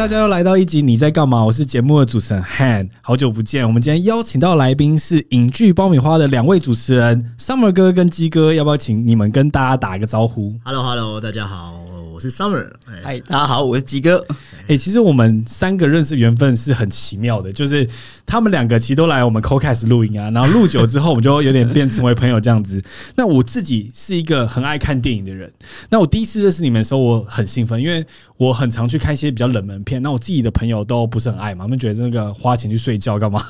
大家又來到一集，你在幹嘛？我是節目的主持人 Han，好久不見。我們今天邀請到來賓是影劇爆米花的兩位主持人 Summer 哥跟基哥，要不要請你們跟大家打個招呼？Hello，Hello，hello, 大家好，我是 Summer。嗨，大家好，我是基哥。欸，其實我們三個認識緣分是很奇妙的，就是。他們兩個其實都來我們 CoCast 錄音啊，然後錄久之後，我們就有點變成為朋友這樣子。 那我自己是一個很愛看電影的人。那我第一次認識你們的時候，我很興奮，因為我很常去看一些比較冷門片。那我自己的朋友都不是很愛嘛，他們覺得那個花錢去睡覺幹嘛？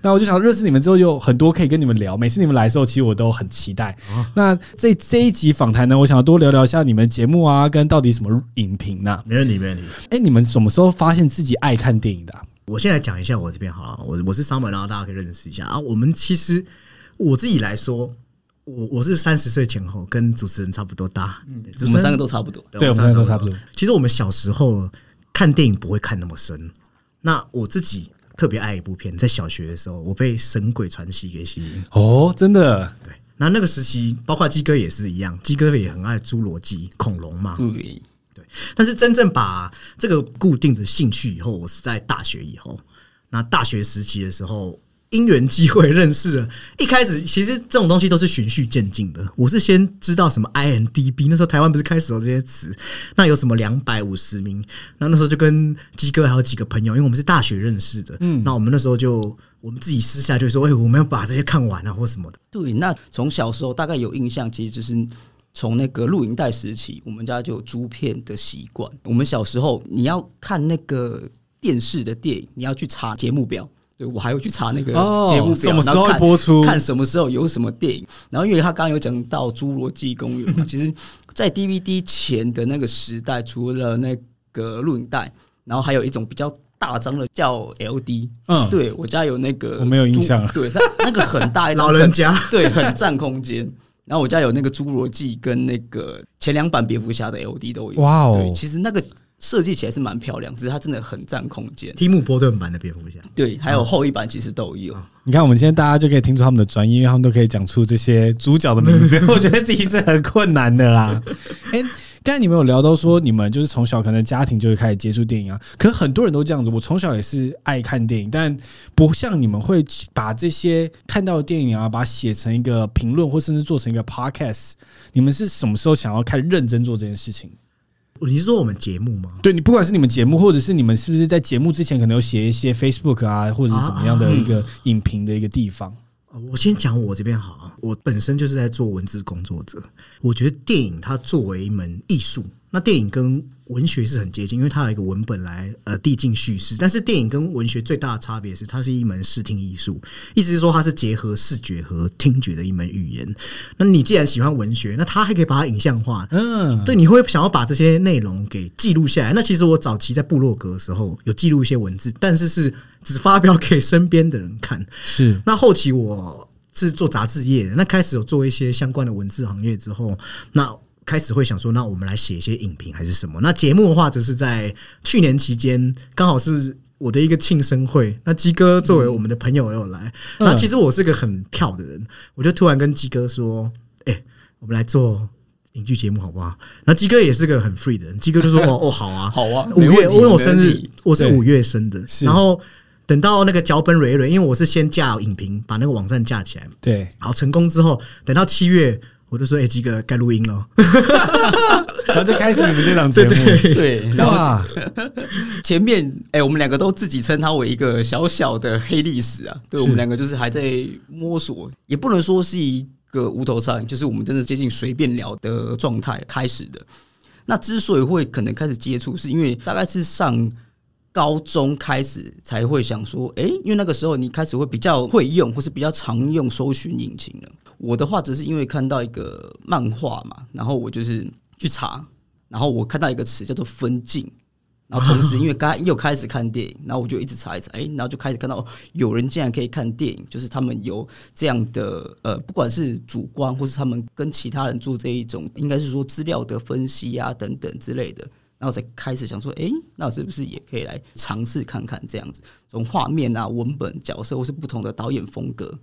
那我就想認識你們之後，有很多可以跟你們聊。每次你們來的時候，其實我都很期待。那這這一集訪談呢，我想要多聊聊一下你們節目啊，跟到底什麼影評呢、啊、沒問題，沒問題。哎、欸，你們什麼時候發現自己愛看電影的、啊？我先來講一下我這邊好了，我我是 Summer 然後大家可以認識一下啊。我們其實我自己來說，我我是三十歲前後跟主持人差不多大，嗯，我們三個都差不多，對，我們三個都差不多。其實我們小時候看電影不會看那麼深。那我自己特別愛一部片，在小學的時候我、嗯，我，我，我，候我，候我被《神鬼傳奇》給吸引。哦，真的？對。那那個時期，包括基哥也是一樣，基哥也很愛侏羅紀恐龍嘛。對。但是真正把這個固定的興趣以後，我是在大學以後。那大學時期的時候，因緣機會認識了。一開始其實這種東西都是循序漸進的。我是先知道什麼 i n d b 那時候台灣不是開始有這些詞？那有什麼兩百五十名？那那時候就跟基哥還有幾個朋友，因為我們是大學認識的。嗯，那我們那時候就我們自己私下就說：“哎、欸，我們要把這些看完啊，或什麼的。”對。那從小時候大概有印象，其實就是。從那個錄影帶時期，我們家就有租片的習慣。我們小時候，你要看那個電視的電影，你要去查節目表。對我還要去查那個節目表，什麼時候會播出看，看什麼時候有什麼電影。然後，因為他剛剛有講到《侏羅紀公園》嘛，嗯，其實，在 DVD 前的那個時代，除了那個錄影帶，然後還有一種比較大張的叫 LD。嗯，對我家有那個，我沒有印象了對。對，那個很大一張很， 老人家 對，很佔空間。然後我家有那個侏羅紀跟那個前兩版蝙蝠俠的 L D 都有，哦、wow、對、其實那個設計起來是蠻漂亮，只是它真的很占空間。提姆·波頓版的蝙蝠俠，對，還有後一版其實都有、哦哦。你看我們現在大家就可以聽出他們的專業，因為他們都可以講出這些主角的名字， 我覺得自己是很困難的啦。 欸剛才你們有聊到說，你們就是從小可能家庭就會開始接觸電影啊。可是很多人都這樣子，我從小也是愛看電影，但不像你們會把這些看到的電影啊，把它寫成一個評論，或甚至做成一個 podcast。你們是什麼時候想要開始認真做這件事情？你是說我們節目嗎？對你，不管是你們節目，或者是你們是不是在節目之前可能有寫一些 Facebook 啊，或者是怎麼樣的一個影評的一個地方？我先講我這邊好啊，我本身就是在做文字工作者。我覺得電影它作為一門藝術，那電影跟文學是很接近，嗯、因為它有一個文本來呃遞進敘事。但是電影跟文學最大的差別是，它是一門視聽藝術，意思是說它是結合視覺和聽覺的一門語言。那你既然喜歡文學，那它還可以把它影像化。嗯，對，你會想要把這些內容給記錄下來。那其實我早期在部落格的時候有記錄一些文字，但是是。只發表給身邊的人看是。是那後期我是做雜誌業的。那開始有做一些相關的文字行業之後，那開始會想說，那我們來寫一些影評還是什麼？那節目的話，則是在去年期間，剛好是我的一個慶生會。那基哥作為我們的朋友也有來、嗯，那其實我是個很跳的人，我就突然跟基哥說：“哎、欸，我們來做影劇節目好不好？”那基哥也是個很 free 的人，基哥就說：“哦哦，好啊，好啊，五月因為我，我生日，我是五月生的。”然後是等到那個腳本 r e 因為我是先架影評，把那個網站架起來。對，然後成功之後，等到七月，我就說哎、欸，基哥，該錄音了， 然後就開始你們這檔節目對對對。對，然後 前面哎、欸，我們兩個都自己稱它為一個小小的黑歷史啊。對，我們兩個就是還在摸索，也不能說是一個無頭蒼蠅，就是我們真的接近隨便聊的狀態開始的。那之所以會可能開始接觸，是因為大概是上。高中開始才會想說，欸，因為那個時候你開始會比較會用，或是比較常用搜尋引擎了。我的話只是因為看到一個漫畫嘛，然後我就是去查，然後我看到一個詞叫做分鏡，然後同時因為剛又開始看電影，然後我就一直查一查，欸，然後就開始看到有人竟然可以看電影，就是他們有這樣的呃，不管是主觀或是他們跟其他人做這一種，應該是說資料的分析啊等等之類的。然後才開始想說，哎、欸，那我是不是也可以來嘗試看看這樣子？從畫面啊、文本、角色，或是不同的導演風格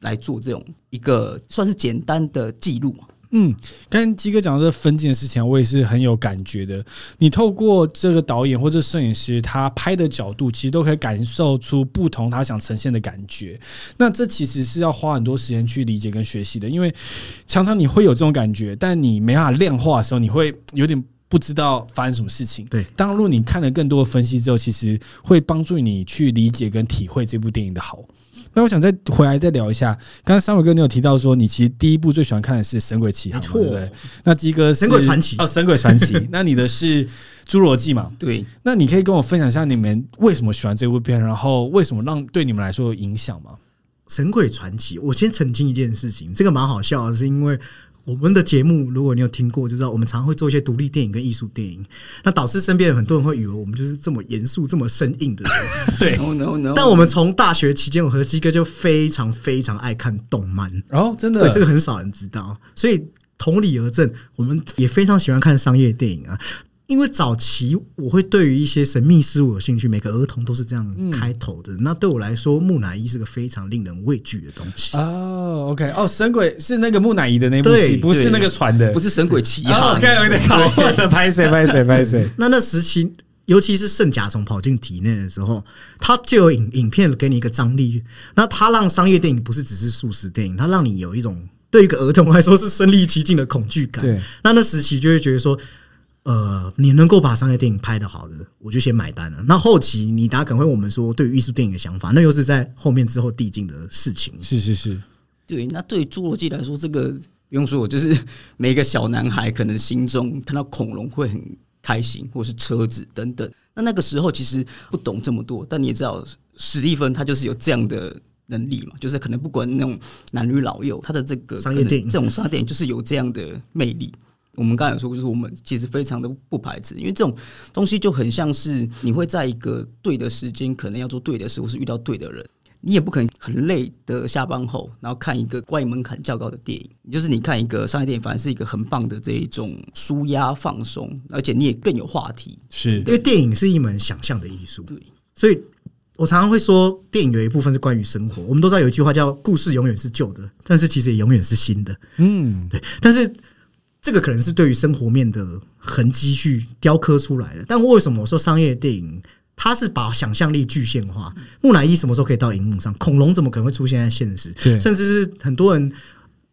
來做這種一個算是簡單的記錄。嗯，剛才基哥講這個分鏡的事情，我也是很有感覺的。你透過這個導演或者攝影師他拍的角度，其實都可以感受出不同他想呈現的感覺。那這其實是要花很多時間去理解跟學習的，因為常常你會有這種感覺，但你沒法量化的時候，你會有點。不知道發生什麼事情。對，當如果你看了更多的分析之後，其實會幫助你去理解跟體會這部電影的好。那我想再回來再聊一下，剛才三偉哥你有提到說，你其實第一部最喜歡看的是《神鬼奇航》好，對不對？那基哥是《神鬼傳奇》哦，《神鬼傳奇，》 那你的是《侏羅紀》嘛？對。那你可以跟我分享一下你們為什麼喜歡這部片，然後為什麼讓對你們來說有影響嗎？《神鬼傳奇》，我先澄清一件事情，這個蠻好笑的，是因為。我們的節目，如果你有聽過，就知道我們常常會做一些獨立電影跟藝術電影。那導致身邊很多人會以為我們就是這麼嚴肅、這麼生硬的人， 對。No, no, no, no. 但我們從大學期間，我和基哥就非常非常愛看動漫。哦、oh，真的？對，這個很少人知道。所以同理而證，我們也非常喜歡看商業電影啊。因為早期我會對於一些神秘事物有興趣，每個兒童都是這樣開頭的。嗯，那對我來說，木乃伊是個非常令人畏懼的東西。哦，OK，哦，神鬼是那個木乃伊的那一部戲，對，不是那個船的，不是神鬼奇航。哦，OK，OK，okay，好，拍誰拍誰拍誰。那那時期，尤其是聖甲蟲跑進體內的時候，它就有影影片給你一個張力。那它讓商業電影不是只是素食電影，它讓你有一種對一個兒童來說是身臨其境的恐懼感。對。那那時期就會覺得說。呃，你能夠把商業電影拍得好的，我就先買單了。那後，後期你大概會問我們說對於藝術電影的想法，那又是在後面之後遞進的事情。是是是，對。那對侏羅紀來說，這個不用說，我就是每一個小男孩可能心中看到恐龍會很開心，或是車子等等。那那個時候其實不懂這麼多，但你也知道史蒂芬他就是有這樣的能力嘛，就是可能不管那種男女老幼，他的這個商業電影這種商業電影就是有這樣的魅力。我們剛才有說，就是我們其實非常的不排斥，因為這種東西就很像是你會在一個對的時間，可能要做對的事，或是遇到對的人。你也不可能很累的下班後，然後看一個觀影門檻較高的電影。就是你看一個商業電影，反而是一個很棒的這一種舒壓放鬆，而且你也更有話題。是，對，因為電影是一門想象的藝術。對，所以我常常會說，電影有一部分是關於生活。我們都知道有一句話叫“故事永遠是舊的，但是其實也永遠是新的。”嗯，對，但是。這個可能是對於生活面的痕迹去雕刻出來的，但為什麼我說商業電影它是把想象力具現化？木乃伊什麼時候可以到熒幕上？恐龍怎麼可能會出現在現實？對，甚至是很多人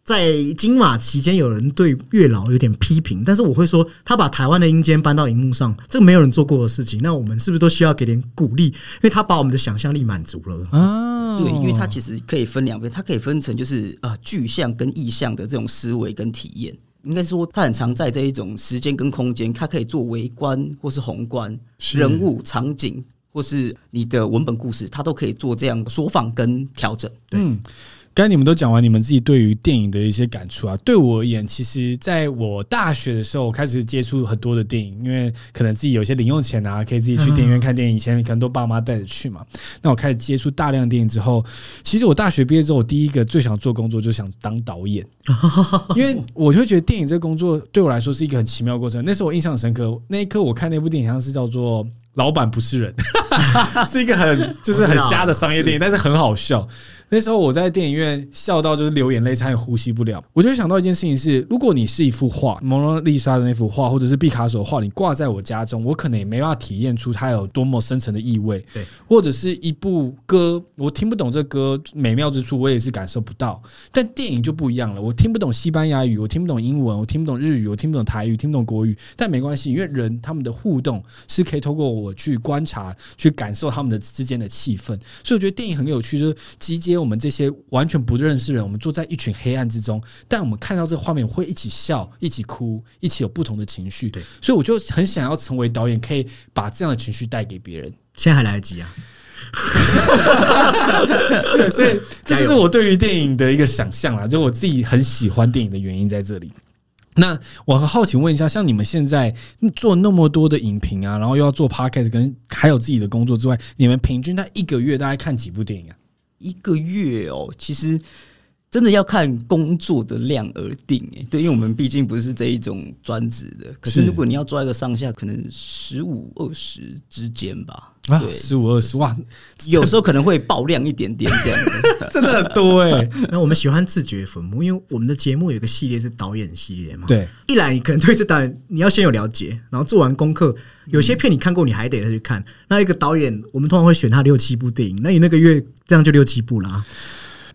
在金馬期間，有人對月老有點批評，但是我會說，他把台灣的陰間搬到熒幕上，這個沒有人做過的事情，那我們是不是都需要給點鼓勵？因為他把我們的想象力滿足了啊、哦！對，因為他其實可以分兩邊，它可以分成就是啊、呃，具象跟意象的這種思維跟體驗。應該說，它很常在這一種時間跟空間，它可以做微觀或是宏觀，是人物、場景，或是你的文本故事，它都可以做這樣的縮放跟調整。對。嗯剛才你們都講完你們自己對於電影的一些感觸啊，對我而言其實，在我大學的時候，我開始接觸很多的電影，因為可能自己有些零用錢啊，可以自己去電影院看電影。以前可能都爸媽帶着去嘛。那我開始接觸大量電影之後，其實我大學畢業之後，我第一個最想做工作就想當導演，因為我就覺得電影這個工作對我來說是一個很奇妙的過程。那時候我印象很深刻，那一刻我看那部電影好像是叫做《老闆不是人，》 是一個很就是很瞎的商業電影，但是很好笑。那時候我在電影院笑到就是流眼淚，差點呼吸不了。我就會想到一件事情是：如果你是一幅畫，蒙娜麗莎的那幅畫，或者是畢卡索畫，你掛在我家中，我可能也沒辦法體驗出它有多麼深層的意味。對，或者是一部歌，我聽不懂這歌美妙之處，我也是感受不到。但電影就不一樣了，我聽不懂西班牙語，我聽不懂英文，我聽不懂日語，我聽不懂台語，聽不懂國語，但沒關係，因為人他們的互動是可以通過我去觀察去感受他們的之間的氣氛。所以我覺得電影很有趣，就是集結。我們這些完全不認識的人，我們坐在一群黑暗之中，但我們看到這個畫面會一起笑，一起哭，一起有不同的情緒。對，所以我就很想要成為導演，可以把這樣的情緒帶給別人。現在還來得及啊 ！ 對，所以這是我對於電影的一個想象啦，就我自己很喜歡電影的原因在這裡。那我很好奇問一下，像你們現在做那麼多的影評啊，然後又要做 podcast 跟還有自己的工作之外，你們平均在一個月大概看幾部電影啊？一個月哦，其實，真的要看工作的量而定誒，對，因為我們畢竟不是這一種專職的，可是如果你要抓一個上下，可能十五二十之間吧，啊，十五二十，哇、就是，有時候可能會爆量一點點這樣， 真的很多哎， 那我們喜歡自覺粉木，因為我們的節目有一個系列是導演系列嘛，對，一來你可能對這導演你要先有了解，然後做完功課，有些片你看過你還得再去看。那一個導演，我們通常會選他六七部電影，那你那個月這樣就六七部啦，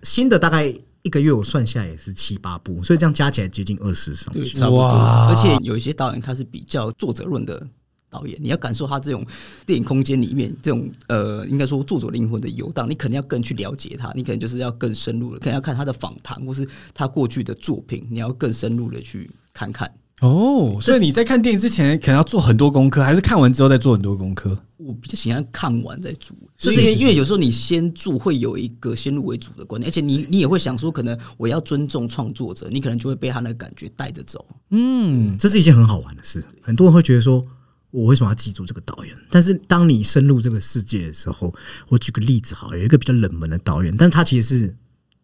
新的大概。一個月我算下來，也是七八部，所以這樣加起來接近二十上。對，差不多。而且有一些導演他是比較作者論的導演，你要感受他這種電影空間裡面這種呃，應該說作者靈魂的遊蕩，你可能要更去了解他，你可能就是要更深入的，可能要看他的訪談或是他過去的作品，你要更深入的去看看。哦，oh，所以你在看電影之前可能要做很多功課，還是看完之後再做很多功課？我比較喜歡看完再做，就因為是，是，是，是因為有時候你先做會有一個先入為主的觀念，而且你你也會想說，可能我要尊重創作者，你可能就會被他那個感覺帶着走。嗯，這是一件很好玩的事。很多人會覺得說，我為什麼要記住這個導演？但是當你深入這個世界的時候，我舉個例子好，有一個比較冷門的導演，但是他其實是。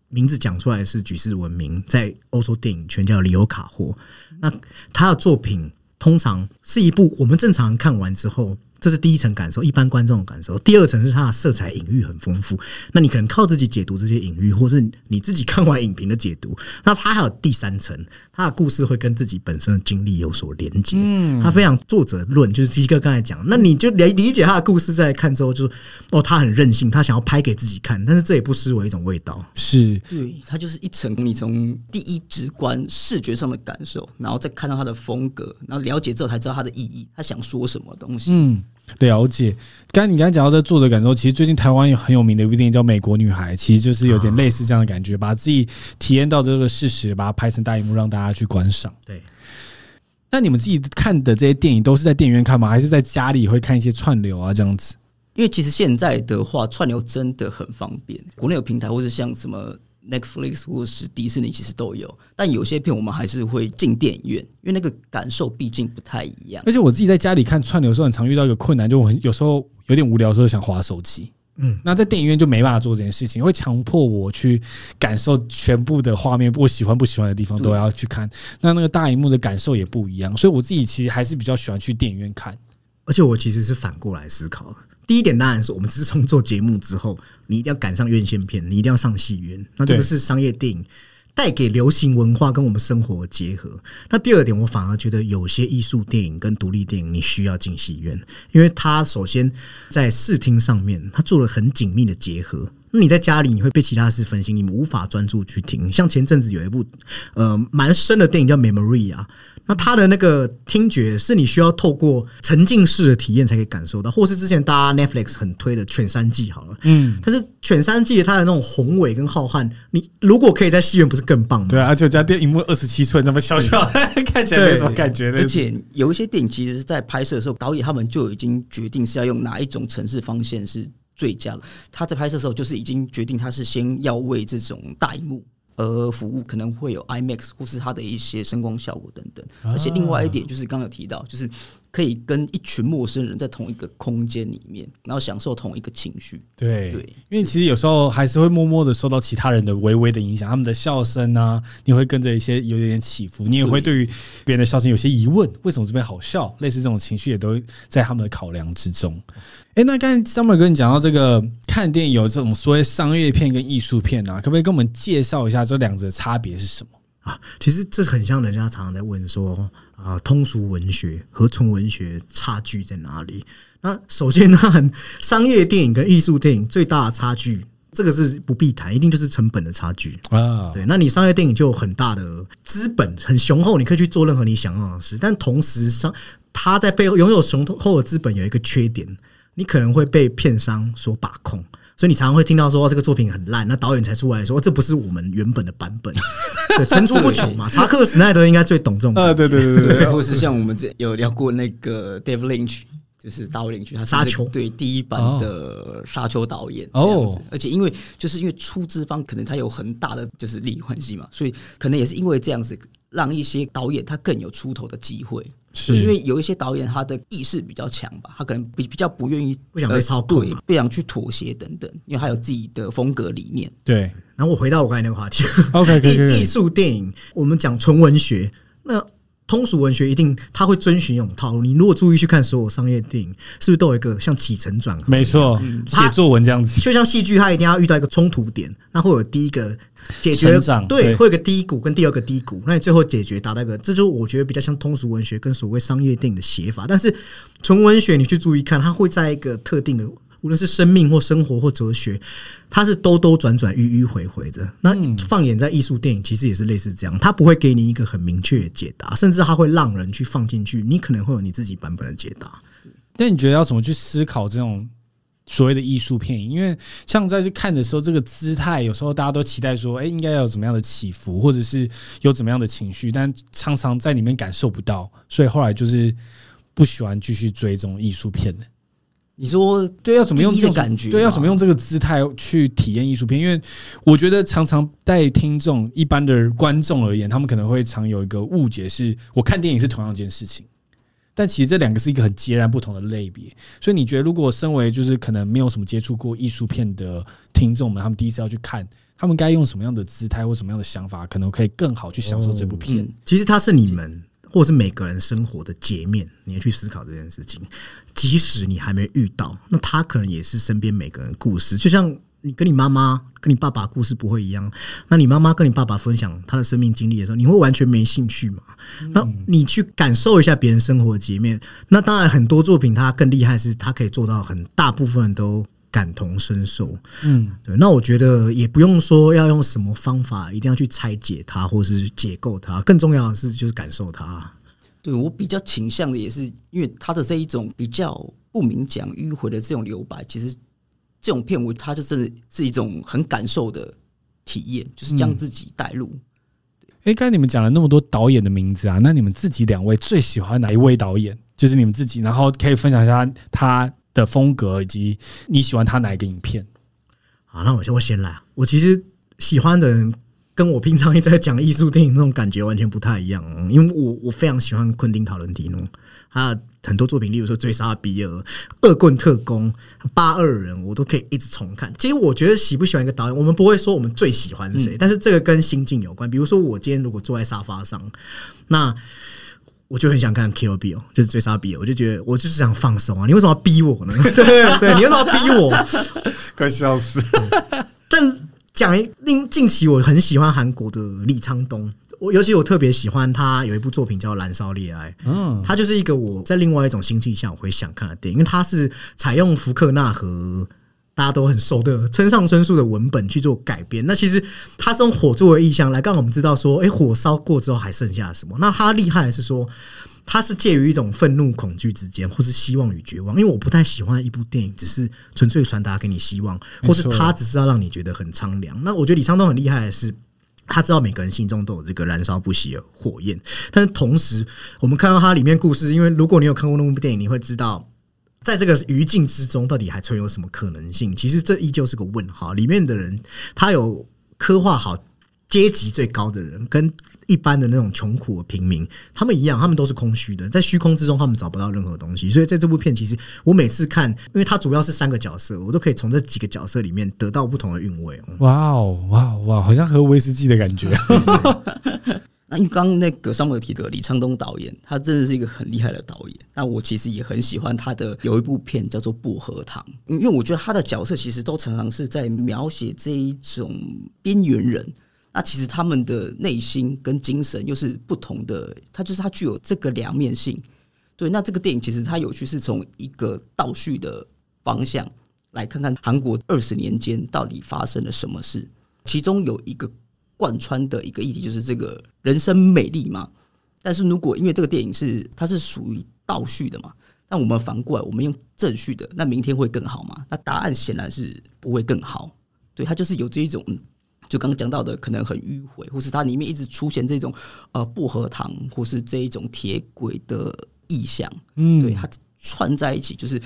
名字講出來是舉世聞名，在歐洲電影圈叫李歐卡霍。那他的作品通常是一部，我們正常看完之後。這是第一層感受，一般觀眾的感受。第二層是它的色彩隱喻很豐富，那你可能靠自己解讀這些隱喻，或是你自己看完影評的解讀。那它還有第三層，它的故事會跟自己本身的經歷有所連接。嗯，它非常作者論，就是基哥剛才講，那你就理理解他的故事在看之後，就說哦，他很任性，他想要拍給自己看，但是這也不失為一種味道。是，對、嗯，它就是一層，你從第一直觀視覺上的感受，然後再看到它的風格，然後了解之後才知道它的意義，他想說什麼東西。嗯。了解，剛你剛才講到在作者感受，其實最近台灣有很有名的一部電影叫《美國女孩》，其實就是有點類似這樣的感覺，啊、把自己體驗到這個事實，把它拍成大熒幕讓大家去觀賞。對，那你們自己看的這些電影都是在電影院看嗎？還是在家裡會看一些串流啊這樣子？因為其實現在的話，串流真的很方便，國內有平台，或是像什麼。Netflix 或是迪士尼其實都有，但有些片我們還是會進電影院，因為那個感受畢竟不太一樣。而且我自己在家裡看串流的時候，很常遇到一個困難，就我有時候有點無聊的時候想滑手機。嗯，那在電影院就沒辦法做這件事情，會強迫我去感受全部的畫面，我喜歡不喜歡的地方都要去看。那那個大熒幕的感受也不一樣，所以我自己其實還是比較喜歡去電影院看。而且我其實是反過來思考。第一點當然是我們自從做節目之後，你一定要趕上院線片，你一定要上戲院。那這個是商業電影帶給流行文化跟我們生活的結合。那第二點，我反而覺得有些藝術電影跟獨立電影，你需要進戲院，因為它首先在視聽上面，它做了很緊密的結合。那你在家裡，你會被其他的事分心，你無法專注去聽。像前陣子有一部呃蠻深的電影叫《Memory》啊。那他的那個聽覺是你需要透過沉浸式的體驗才可以感受到，或是之前大家 Netflix 很推的《犬三季》好了，嗯，但是《犬三季》它的那種宏偉跟浩瀚，你如果可以在戲院不是更棒嗎？對啊，而且我家店銀幕二十七寸那麼小小，啊 看，起啊、 看起來沒什麼感覺對對對。而且有一些電影其實是在拍攝的時候，導演他們就已經決定是要用哪一種城市方向是最佳了。他在拍攝的時候就是已經決定他是先要為這種大銀幕。呃，服務可能會有 IMAX 或是它的一些聲光效果等等，而且另外一點就是剛剛有提到，就是。可以跟一群陌生人在同一個空間裡面，然後享受同一個情緒。對，因為其實有時候還是會默默的受到其他人的微微的影響，他們的笑聲啊，你會跟着一些有點起伏，你也會對於別人的笑聲有些疑問，為什麼這邊好笑？類似這種情緒也都在他們的考量之中。誒，那剛才 Summer 跟你講到這個看電影，有這種所謂商業片跟藝術片啊，可不可以跟我們介紹一下這兩者的差別是什麼啊？其實這很像人家常常在問說。啊，通俗文學和純文學差距在哪裡？那首先呢，商業電影跟藝術電影最大的差距，這個是不必談，一定就是成本的差距啊。對，那你商業電影就有很大的資本，很雄厚，你可以去做任何你想要的事，但同時商他在背後擁有雄厚的資本，有一個缺點，你可能會被片商所把控。所以你常常會聽到說，這個作品很爛，那導演才出來說、哦、這不是我們原本的版本，層 出不窮嘛。查克史奈德應該最懂這種。啊，對，對對對對。或是像我們之前有聊過那個 Dave Lynch，就是、大衛·林奇，他是，是對第一版的沙《沙丘》導演哦。而且因為就是因為出資方可能他有很大的就是利益關係嘛，所以可能也是因為這樣子，讓一些導演他更有出頭的機會。是因為有一些導演他的意識比較強吧，他可能比比較不願意不想被操控，不想去妥協等等，因為他有自己的風格理念。對，然後我回到我剛才那個話題，OK，藝、okay, 術、okay. 電影我們講純文學，那通俗文學一定他會遵循一種套路。你如果注意去看所有商業的電影，是不是都有一個像起承轉合？沒錯，寫、嗯、作文這樣子，就像戲劇，它一定要遇到一個衝突點，那會有第一個。解決成長對，對，會有個低谷跟第二個低谷，那你最後解決達到一個，這就我覺得比較像通俗文學跟所謂商業電影的寫法。但是純文學你去注意看，它會在一個特定的，無論是生命或生活或哲學，它是兜兜轉轉、迂迂回回的。嗯、那你放眼在藝術電影，其實也是類似這樣，它不會給你一個很明確的解答，甚至它會讓人去放進去，你可能會有你自己版本的解答。那你覺得要怎麼去思考這種？所謂的藝術片，因為像在去看的時候，這個姿態有時候大家都期待說，哎，應該要有怎麼樣的起伏，或者是有怎麼樣的情緒，但常常在裡面感受不到，所以後來就是不喜歡繼續追這種藝術片的。你說對，要怎麼用這種感覺？對，要怎麼用這個姿態去體驗藝術片？因為我覺得常常在聽眾、一般的觀眾而言，他們可能會常有一個誤解，是我看電影是同樣一件事情。但其實這兩個是一個很截然不同的類別，所以你覺得如果身為就是可能沒有什麼接觸過藝術片的聽眾們，他們第一次要去看，他們該用什麼樣的姿態或什麼樣的想法，可能可以更好去享受這部片？哦，嗯，其實它是你們或者是每個人生活的截面，你要去思考這件事情。即使你還沒遇到，那他可能也是身邊每個人故事，就像你跟你媽媽。你爸爸故事不會一樣，那你媽媽跟你爸爸分享他的生命經歷的時候，你會完全沒興趣嗎？嗯，那你去感受一下別人生活的截面，那當然很多作品它更厲害是，它可以做到很大部分人都感同身受。嗯，對。那我覺得也不用說要用什麼方法，一定要去拆解它或是解構它，更重要的是就是感受它。對，我比較傾向的也是，因為他的這一種比較不明講迂回的這種留白，其實。這種片尾它就是是一種很感受的體驗，就是將自己帶入、嗯。哎、欸，剛才你們講了那麼多導演的名字啊，那你們自己兩位最喜歡哪一位導演？就是你們自己，然後可以分享一下他的風格，以及你喜歡他哪一個影片？好，那我就我先來。我其實喜歡的人。跟我平常一直在講藝術電影那種感覺完全不太一樣，因為我我非常喜歡昆汀·塔倫蒂諾，他很多作品，例如說追《追殺比爾》《惡棍特工》《八惡人》，我都可以一直重看。其實我覺得喜不喜歡一個導演，我們不會說我們最喜歡誰，嗯、但是這個跟心境有關。比如說我今天如果坐在沙發上，那我就很想看《Kill Bill》哦，就是《追殺比爾》，我就覺得我就是想放鬆啊。你為什麼要逼我呢？ 對對，你為什麼要逼我？快笑死！ 但講近期，我很喜歡韓國的李昌東，我尤其我特別喜歡他有一部作品叫《燃燒烈愛》，嗯，他就是一個我在另外一種心境下會想看的電影，因為他是採用福克納和大家都很熟的村上春樹的文本去做改編。那其實他是用火作為意象來讓我們知道說，哎、欸，火燒過之後還剩下什麼？那他厲害的是說，他是介於一種憤怒、恐懼之間，或是希望與絕望。因為我不太喜歡一部電影，只是純粹傳達給你希望，或是他只是要讓你覺得很蒼涼。那我覺得李滄東很厲害的是，他知道每個人心中都有這個燃燒不息的火焰。但是同時，我們看到他裡面故事，因為如果你有看過那部電影，你會知道，在這個餘燼之中，到底還存有什麼可能性？其實這依舊是個問號。裡面的人，他有刻畫好。階級最高的人跟一般的那種窮苦的平民，他們一樣，他們都是空虛的，在虛空之中，他們找不到任何東西。所以在這部片，其實我每次看，因為它主要是三個角色，我都可以從這幾個角色裡面得到不同的韻味。哇哦，哇哇，好像喝威士忌的感覺。啊、對對對 那因為剛剛那個桑德提格李昌東導演，他真的是一個很厲害的導演。那我其實也很喜歡他的有一部片叫做《薄荷糖》，因為我覺得他的角色其實都常常是在描寫這一種邊緣人。那其實他們的內心跟精神又是不同的，它就是它具有這個兩面性。對，那這個電影其實它有趣是從一個倒敘的方向，來看看韓國二十年間到底發生了什麼事。其中有一個貫穿的一個議題就是這個人生美麗嘛。但是如果因為這個電影是它是屬於倒敘的嘛，那我們反過來我們用正敘的，那明天會更好嗎？那答案顯然是不會更好。對，它就是有這一種、嗯。就剛剛講到的，可能很迂回，或是它裡面一直出現這種呃薄荷糖，或是這一種鐵軌的意象，嗯，對，它串在一起，就是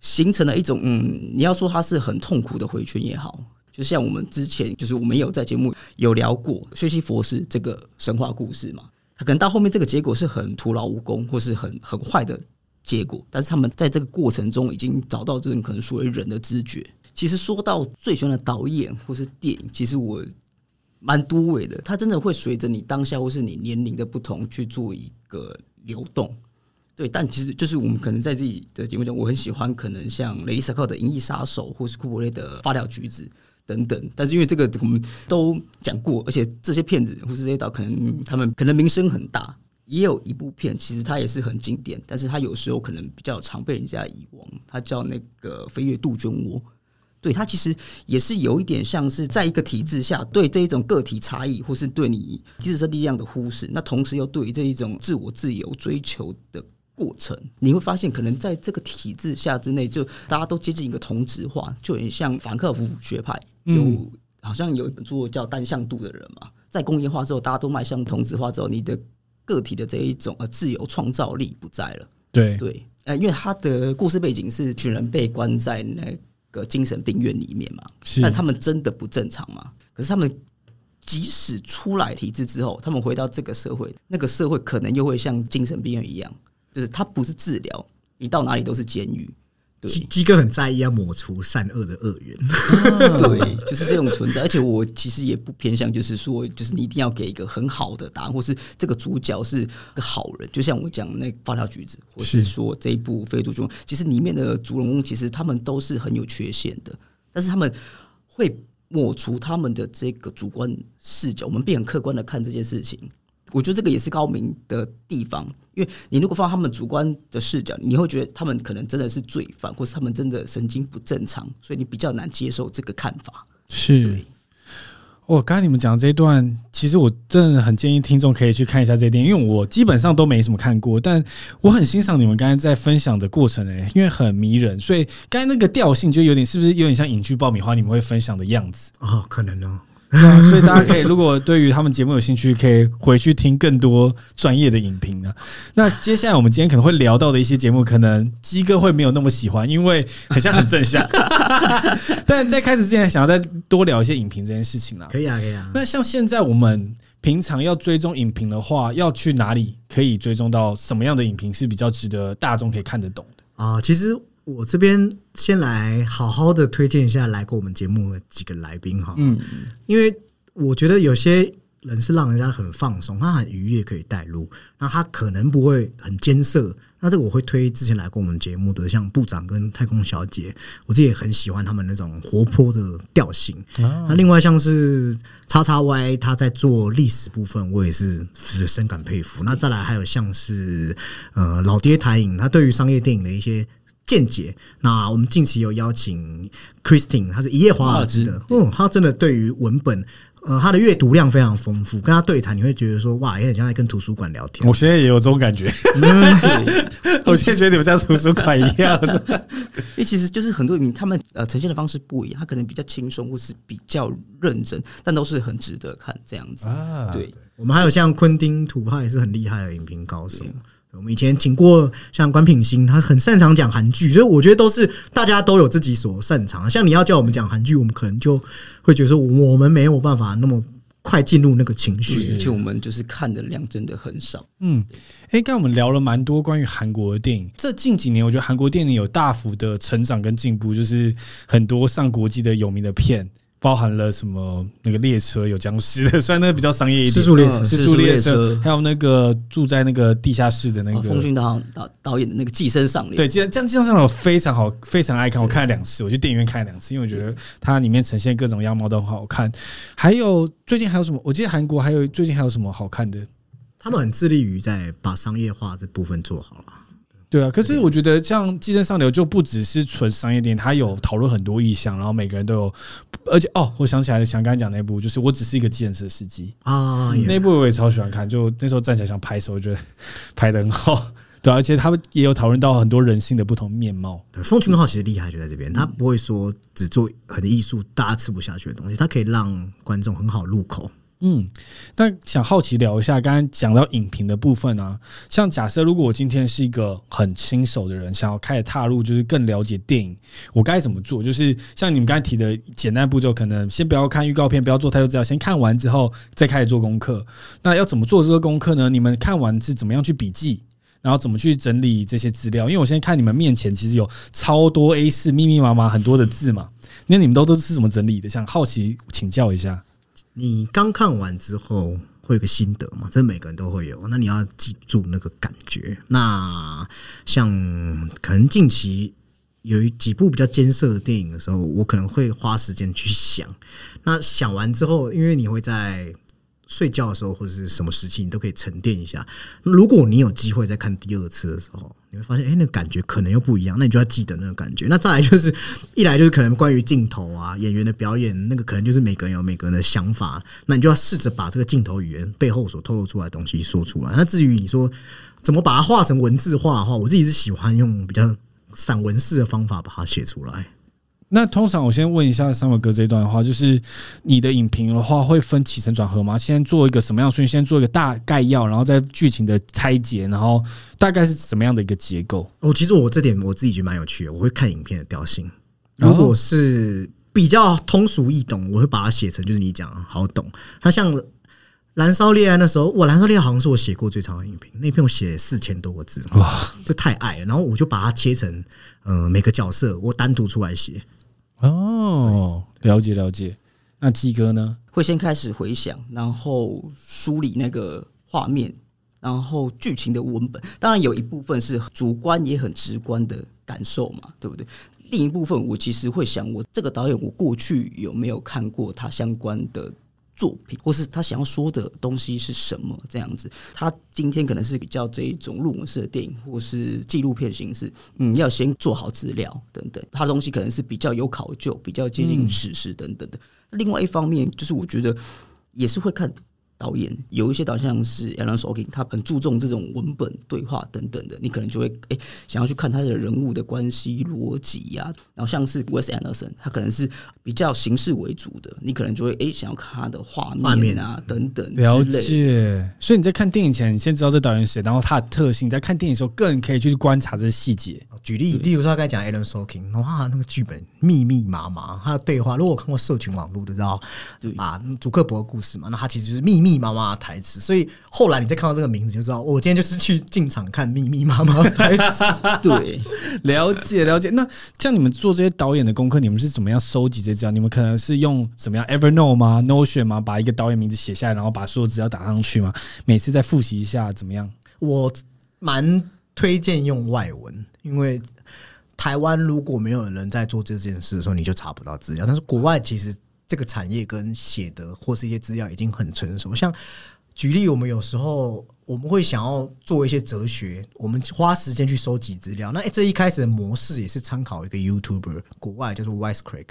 形成了一種嗯，你要說它是很痛苦的迴圈也好，就像我們之前就是我們有在節目有聊過薛西弗斯這個神話故事嘛，它可能到後面這個結果是很徒勞無功，或是很很壞的結果，但是他們在這個過程中已經找到這種可能屬於人的知覺。其實說到最喜歡的導演或是電影，其實我蠻多位的。他真的會隨着你當下或是你年齡的不同去做一個流動。對，但其實就是我們可能在自己的節目中，我很喜歡可能像雷斯克的《銀翼殺手》或是庫珀雷的《發條橘子》等等。但是因為這個我們都講過，而且這些片子或是這些導，可能、嗯、他們可能名聲很大，也有一部片其實它也是很經典，但是它有時候可能比較常被人家遺忘。它叫那個飛杜《飛躍杜鵑窩》。對，他其實也是有一點像是在一個體制下，對這一種個體差異或是對你即使是力量的忽視，那同時又對於這一種自我自由追求的過程，你會發現，可能在這個體制下之內，就大家都接近一個同質化，就很像法蘭克福學派，有好像有一本著作叫《單向度的人》嘛，在工業化之後，大家都邁向同質化之後，你的個體的這一種自由創造力不在了。對對、呃，因為他的故事背景是，群人被關在那個精神病院裡面嘛，是，但他們真的不正常嗎？可是他們即使出來體制之後，他們回到這個社會，那個社會可能又會像精神病院一樣，就是它不是治療，你到哪裡都是監獄。嗯。基基哥很在意要抹除善惡的惡源，對，對，就是這種存在。而且我其實也不偏向，就是說，就是你一定要給一個很好的答案，或是這個主角是個好人。就像我講那《發條橘子》，或是說這一部《非主豬》，其實裡面的主人公其實他們都是很有缺陷的，但是他們會抹除他們的這個主觀視角，我們變很客觀的看這件事情。我覺得這個也是高明的地方，因為你如果放他們主觀的視角，你會覺得他們可能真的是罪犯，或是他們真的神經不正常，所以你比較難接受這個看法。是，我剛、哦、才你們講這一段，其實我真的很建議聽眾可以去看一下這部電影，因為我基本上都沒怎麼看過，但我很欣賞你們剛才在分享的過程呢，因為很迷人，所以剛才那個調性就有點，是不是有點像影劇爆米花你們會分享的樣子啊、哦？可能呢。啊、所以大家可以，如果對於他們節目有興趣，可以回去聽更多專業的影評的、啊。那接下來我們今天可能會聊到的一些節目，可能基哥會沒有那麼喜歡，因為好像很正向。 但在開始之前，想要再多聊一些影評這件事情啦、啊。可以啊，可以啊。那像現在我們平常要追蹤影評的話，要去哪裡可以追蹤到什麼樣的影評是比較值得大眾可以看得懂的啊、哦？其實。我這邊先來好好的推薦一下來過我們節目的幾個來賓哈，嗯，嗯，因為我覺得有些人是讓人家很放鬆，他很愉悅，可以帶入，那他可能不會很艱澀。那這個我會推之前來過我們節目的，像部長跟太空小姐，我自己也很喜歡他們那種活潑的調性。哦。那另外像是叉叉 Y，他在做歷史部分，我也是深感佩服。那再來還有像是呃老爹台影，他對於商業電影的一些。見解。那我們近期有邀請 Christine，他是《一夜華爾茲》的，嗯，他真的對於文本，呃，他的閱讀量非常豐富。跟他對談，你會覺得說，哇，也很像在跟圖書館聊天。我現在也有這種感覺， 對我現在覺得你們像圖書館一樣。 因為其實就是很多影，他們呃、呃呈現的方式不一樣，他可能比較輕鬆，或是比較認真，但都是很值得看這樣子。啊、對、對，我們還有像昆汀·圖派，也是很厲害的影評高手。我們以前請過像關品欣，他很擅長講韓劇，所以我覺得都是大家都有自己所擅長。像你要叫我們講韓劇，我們可能就會覺得說，我們沒有辦法那麼快進入那個情緒，而且我們就是看的量真的很少。嗯，哎、欸，剛我們聊了蠻多關於韓國的電影，這近幾年我覺得韓國電影有大幅的成長跟進步，就是很多上國際的有名的片。包含了什麼？那個列車有僵屍，雖然那個比較商業一點。屍速列車，屍速、嗯、列車，還有那個住在那個地下室的那個。啊、奉俊昊導導演的那個《寄生上流》，對，寄生，這樣《寄生上流》我非常好，非常愛看。我看了兩次，我去電影院看了兩次，因為我覺得它裡面呈現各種樣貌都很好看。還有最近還有什麼？我記得韓國還有最近還有什麼好看的？他們很致力於在把商業化這部分做好了。對啊，可是我覺得像《寄生上流》就不只是純商業電影，它有討論很多意向，然後每個人都有，而且哦，我想起來想剛剛講那部，就是我只是一個計程車司機啊，那部我也超喜歡看，啊、就那時候站起來想拍手，我覺得拍得很好，對、啊、而且他們也有討論到很多人性的不同面貌。對，奉俊昊，其實厲害就在這邊，他不會說只做很多藝術大家吃不下去的東西，他可以讓觀眾很好入口。嗯，但想好奇聊一下，剛剛講到影評的部分啊，像假設如果我今天是一個很新手的人，想要開始踏入，就是更了解電影，我該怎麼做？就是像你們剛才提的簡單步驟，可能先不要看預告片，不要做太多資料，先看完之後再開始做功課。那要怎麼做這個功課呢？你們看完是怎麼樣去筆記，然後怎麼去整理這些資料？因為我現在看你們面前其實有超多 A 四，密密麻麻很多的字嘛，那你們都都是怎麼整理的？想好奇請教一下。你剛看完之後會有個心得嗎？這每個人都會有。那你要記住那個感覺。那像可能近期有一幾部比較艱澀的電影的時候，我可能會花時間去想。那想完之後，因為你會在。睡覺的時候或者是什麼時期，你都可以沉澱一下。如果你有機會再看第二次的時候，你會發現，哎，那個感覺可能又不一樣。那你就要記得那個感覺。那再來就是，一來就是可能關於鏡頭啊、演員的表演，那個可能就是每個人有每個人的想法。那你就要試着把這個鏡頭語言背後所透露出來的東西說出來。那至於你說怎麼把它畫成文字化的話，我自己是喜歡用比較散文式的方法把它寫出來。那通常我先問一下三尾哥這段的話，就是你的影評的話會分起承轉合嗎？先做一個什麼樣的順序？先做一個大概要，然後再劇情的拆解，然後大概是什麼樣的一個結構？哦，其實我這點我自己覺得蠻有趣的，我會看影片的調性。如果是比較通俗易懂，我會把它寫成就是你講好懂。它像《燃燒烈愛》的時候，我《燃燒烈愛》好像是我寫過最長的影評，那篇我寫了四千多個字，哇、哦，這太愛了。然後我就把它切成呃每個角色，我單獨出來寫。哦，了解了解。那基哥呢？會先開始回想，然後梳理那個畫面，然後劇情的文本。當然有一部分是主觀也很直觀的感受嘛，對不對？另一部分我其實會想，我這個導演我過去有沒有看過他相關的作品，或是他想要說的東西是什麼，這樣子，他今天可能是比較這一種論文式的電影，或是紀錄片形式，嗯，要先做好資料等等，他東西可能是比較有考究，比較接近史實等等的，嗯。另外一方面，就是我覺得也是會看。導演有一些導演像是 Alan Sorkin，他很注重這種文本對話等等的，你可能就會、欸、想要去看他的人物的關係邏輯呀、啊。然後像是 Wes Anderson，他可能是比較形式為主的，你可能就會、欸、想要看他的畫面啊面等等之類了解。所以你在看電影前，你先知道這導演是誰，然後他的特性。你在看電影的時候，更人可以去觀察這些細節。舉例，例如說他剛才講 Alan Sorkin，哇，那個劇本密密麻麻，他的對話。如果我看過社群網絡的，知道啊，祖克伯故事嘛，那他其實就是秘密密麻麻台詞，所以後來你再看到這個名字就知道，我今天就是去進場看密密麻麻的台詞、啊。 對，了解了解。那像你們做這些導演的功課，你們是怎麼樣收集這些資料？你們可能是用什麼樣 Evernote 嗎？Notion 嗎？把一個導演名字寫下來，然後把所有資料打上去嗎？每次再複習一下怎麼樣？我蠻推薦用外文，因為台灣如果沒有人在做這件事的時候，你就查不到資料。但是國外其實。這個產業跟寫的或是一些資料已經很成熟。像舉例，我們有時候我們會想要做一些哲學，我們花時間去收集資料。那這一開始的模式也是參考一個 YouTuber，國外叫做 Wisecrack。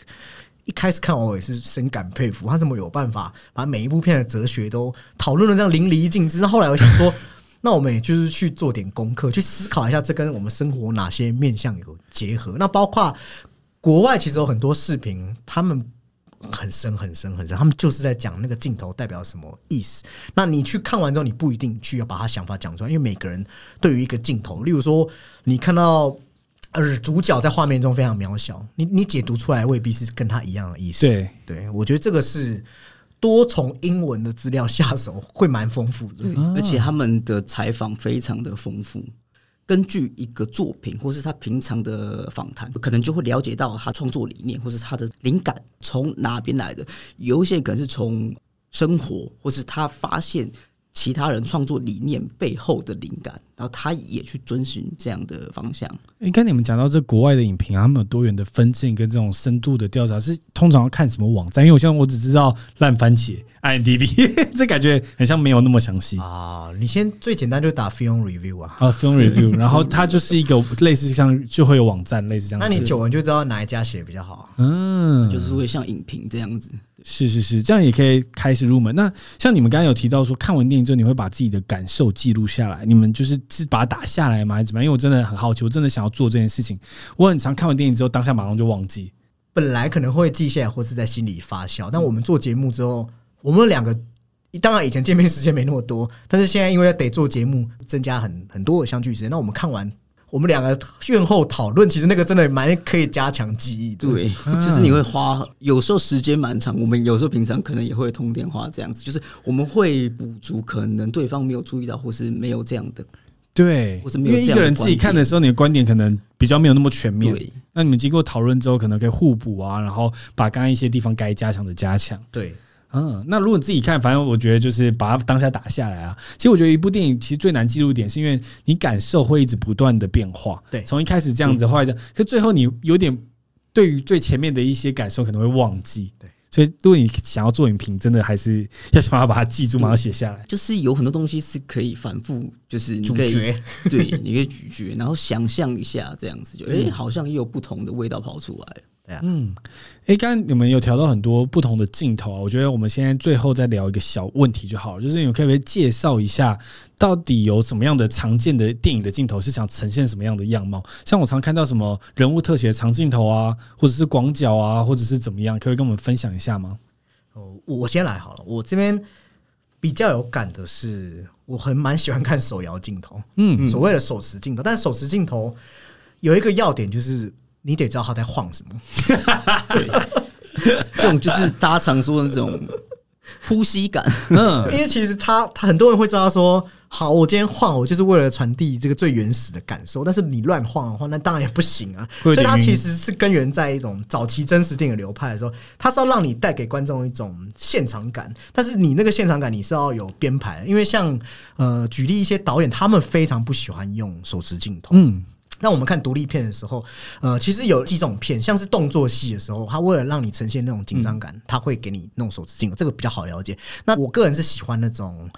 一開始看我也是深感佩服，他怎麼有辦法把每一部片的哲學都討論得這樣淋漓盡致。後來我想說，那我們也就是去做點功課，去思考一下這跟我們生活哪些面向有結合。那包括國外其實有很多視頻，他們。很深很深很深，他們就是在講那個鏡頭代表什麼意思。那你去看完之後，你不一定去要把他想法講出來，因為每個人對於一個鏡頭，例如說你看到呃主角在畫面中非常渺小，你你解讀出來未必是跟他一樣的意思。對，對我覺得這個是多從英文的資料下手會蠻豐富的，而且他們的採訪非常的豐富。根據一個作品，或是他平常的訪談，可能就會了解到他創作理念，或是他的靈感從哪邊來的。有一些可能是從生活，或是他發現，其他人創作理念背後的靈感，然後他也去遵循這樣的方向。應、欸、該你們講到這國外的影評、啊，他們有多元的分鏡跟這種深度的調查，是通常要看什麼網站？因為我現在我只知道爛番茄、IMDB， 這感覺很像沒有那麼詳細啊。你先最簡單就打 Film Review 啊，啊、uh, Film Review，然後它就是一個類似像就會有網站， 有網站類似這樣。 那你久了就知道哪一家寫比較好、啊嗯，嗯，就是會像影評這樣子。是是是，這樣也可以開始入門。那像你們剛剛有提到說，看完電影之後你會把自己的感受記錄下來，你們就是是把它打下來嗎？還是怎麼樣？因為我真的很好奇，我真的想要做這件事情。我很常看完電影之後，當下馬上就忘記，本來可能會記下來或是在心裡發酵。但我們做節目之後，我們兩個當然以前見面時間沒那麼多，但是現在因為要得做節目，增加很很多的相聚時間。那我們看完。我們兩個院後討論，其實那個真的蠻可以加強記憶的。對，就是你會花有時候時間蠻長。我們有時候平常可能也會通電話這樣子，就是我們會補足可能對方沒有注意到或是沒有這樣的。對，或是沒有。因為一個人自己看的時候，你的觀點可能比較沒有那麼全面。對。那你們經過討論之後，可能可以互補啊，然後把剛剛一些地方該加強的加強。對。嗯，那如果你自己看，反正我覺得就是把它當下打下來啊。其實我覺得一部電影其實最難記錄點，是因為你感受會一直不斷的變化。對，從一開始這樣子後來這樣，或、嗯、者可是最後你有點對於最前面的一些感受可能會忘記。對，所以如果你想要做影評，真的還是要想辦法把它記住，然後寫下來。就是有很多東西是可以反覆，就是咀嚼，絕 對，你可以咀嚼，然後想象一下這樣子就，就、嗯、哎，好像也有不同的味道跑出來。嗯，哎、欸，剛你們有調到很多不同的鏡頭啊，我覺得我們現在最後再聊一個小問題就好了，就是你們可不可以介紹一下，到底有什麼樣的常見的電影的鏡頭是想呈現什麼樣的樣貌？像我常看到什麼人物特寫長鏡頭啊，或者是廣角啊，或者是怎麼樣，可以跟我們分享一下嗎？哦，我先來好了，我這邊比較有感的是，我很蠻喜歡看手搖鏡頭，嗯，所謂的手持鏡頭，但手持鏡頭有一個要點就是。你得知道他在晃什麼。對， 這種就是大家常說的那種呼吸感， 嗯，因為其實他，他很多人會知道說，好，我今天晃，我就是為了傳遞這個最原始的感受。但是你亂晃的話，那當然也不行啊。所以它其實是根源在一種早期真實電影流派的時候，它是要讓你帶給觀眾一種現場感。但是你那個現場感，你是要有編排，因為像呃，舉例一些導演，他們非常不喜歡用手持鏡頭，嗯。那我們看獨立片的時候，呃，其實有幾種片，像是動作戲的時候，它為了讓你呈現那種緊張感，嗯，它會給你弄手持鏡頭，這個比較好了解。那我個人是喜歡那種。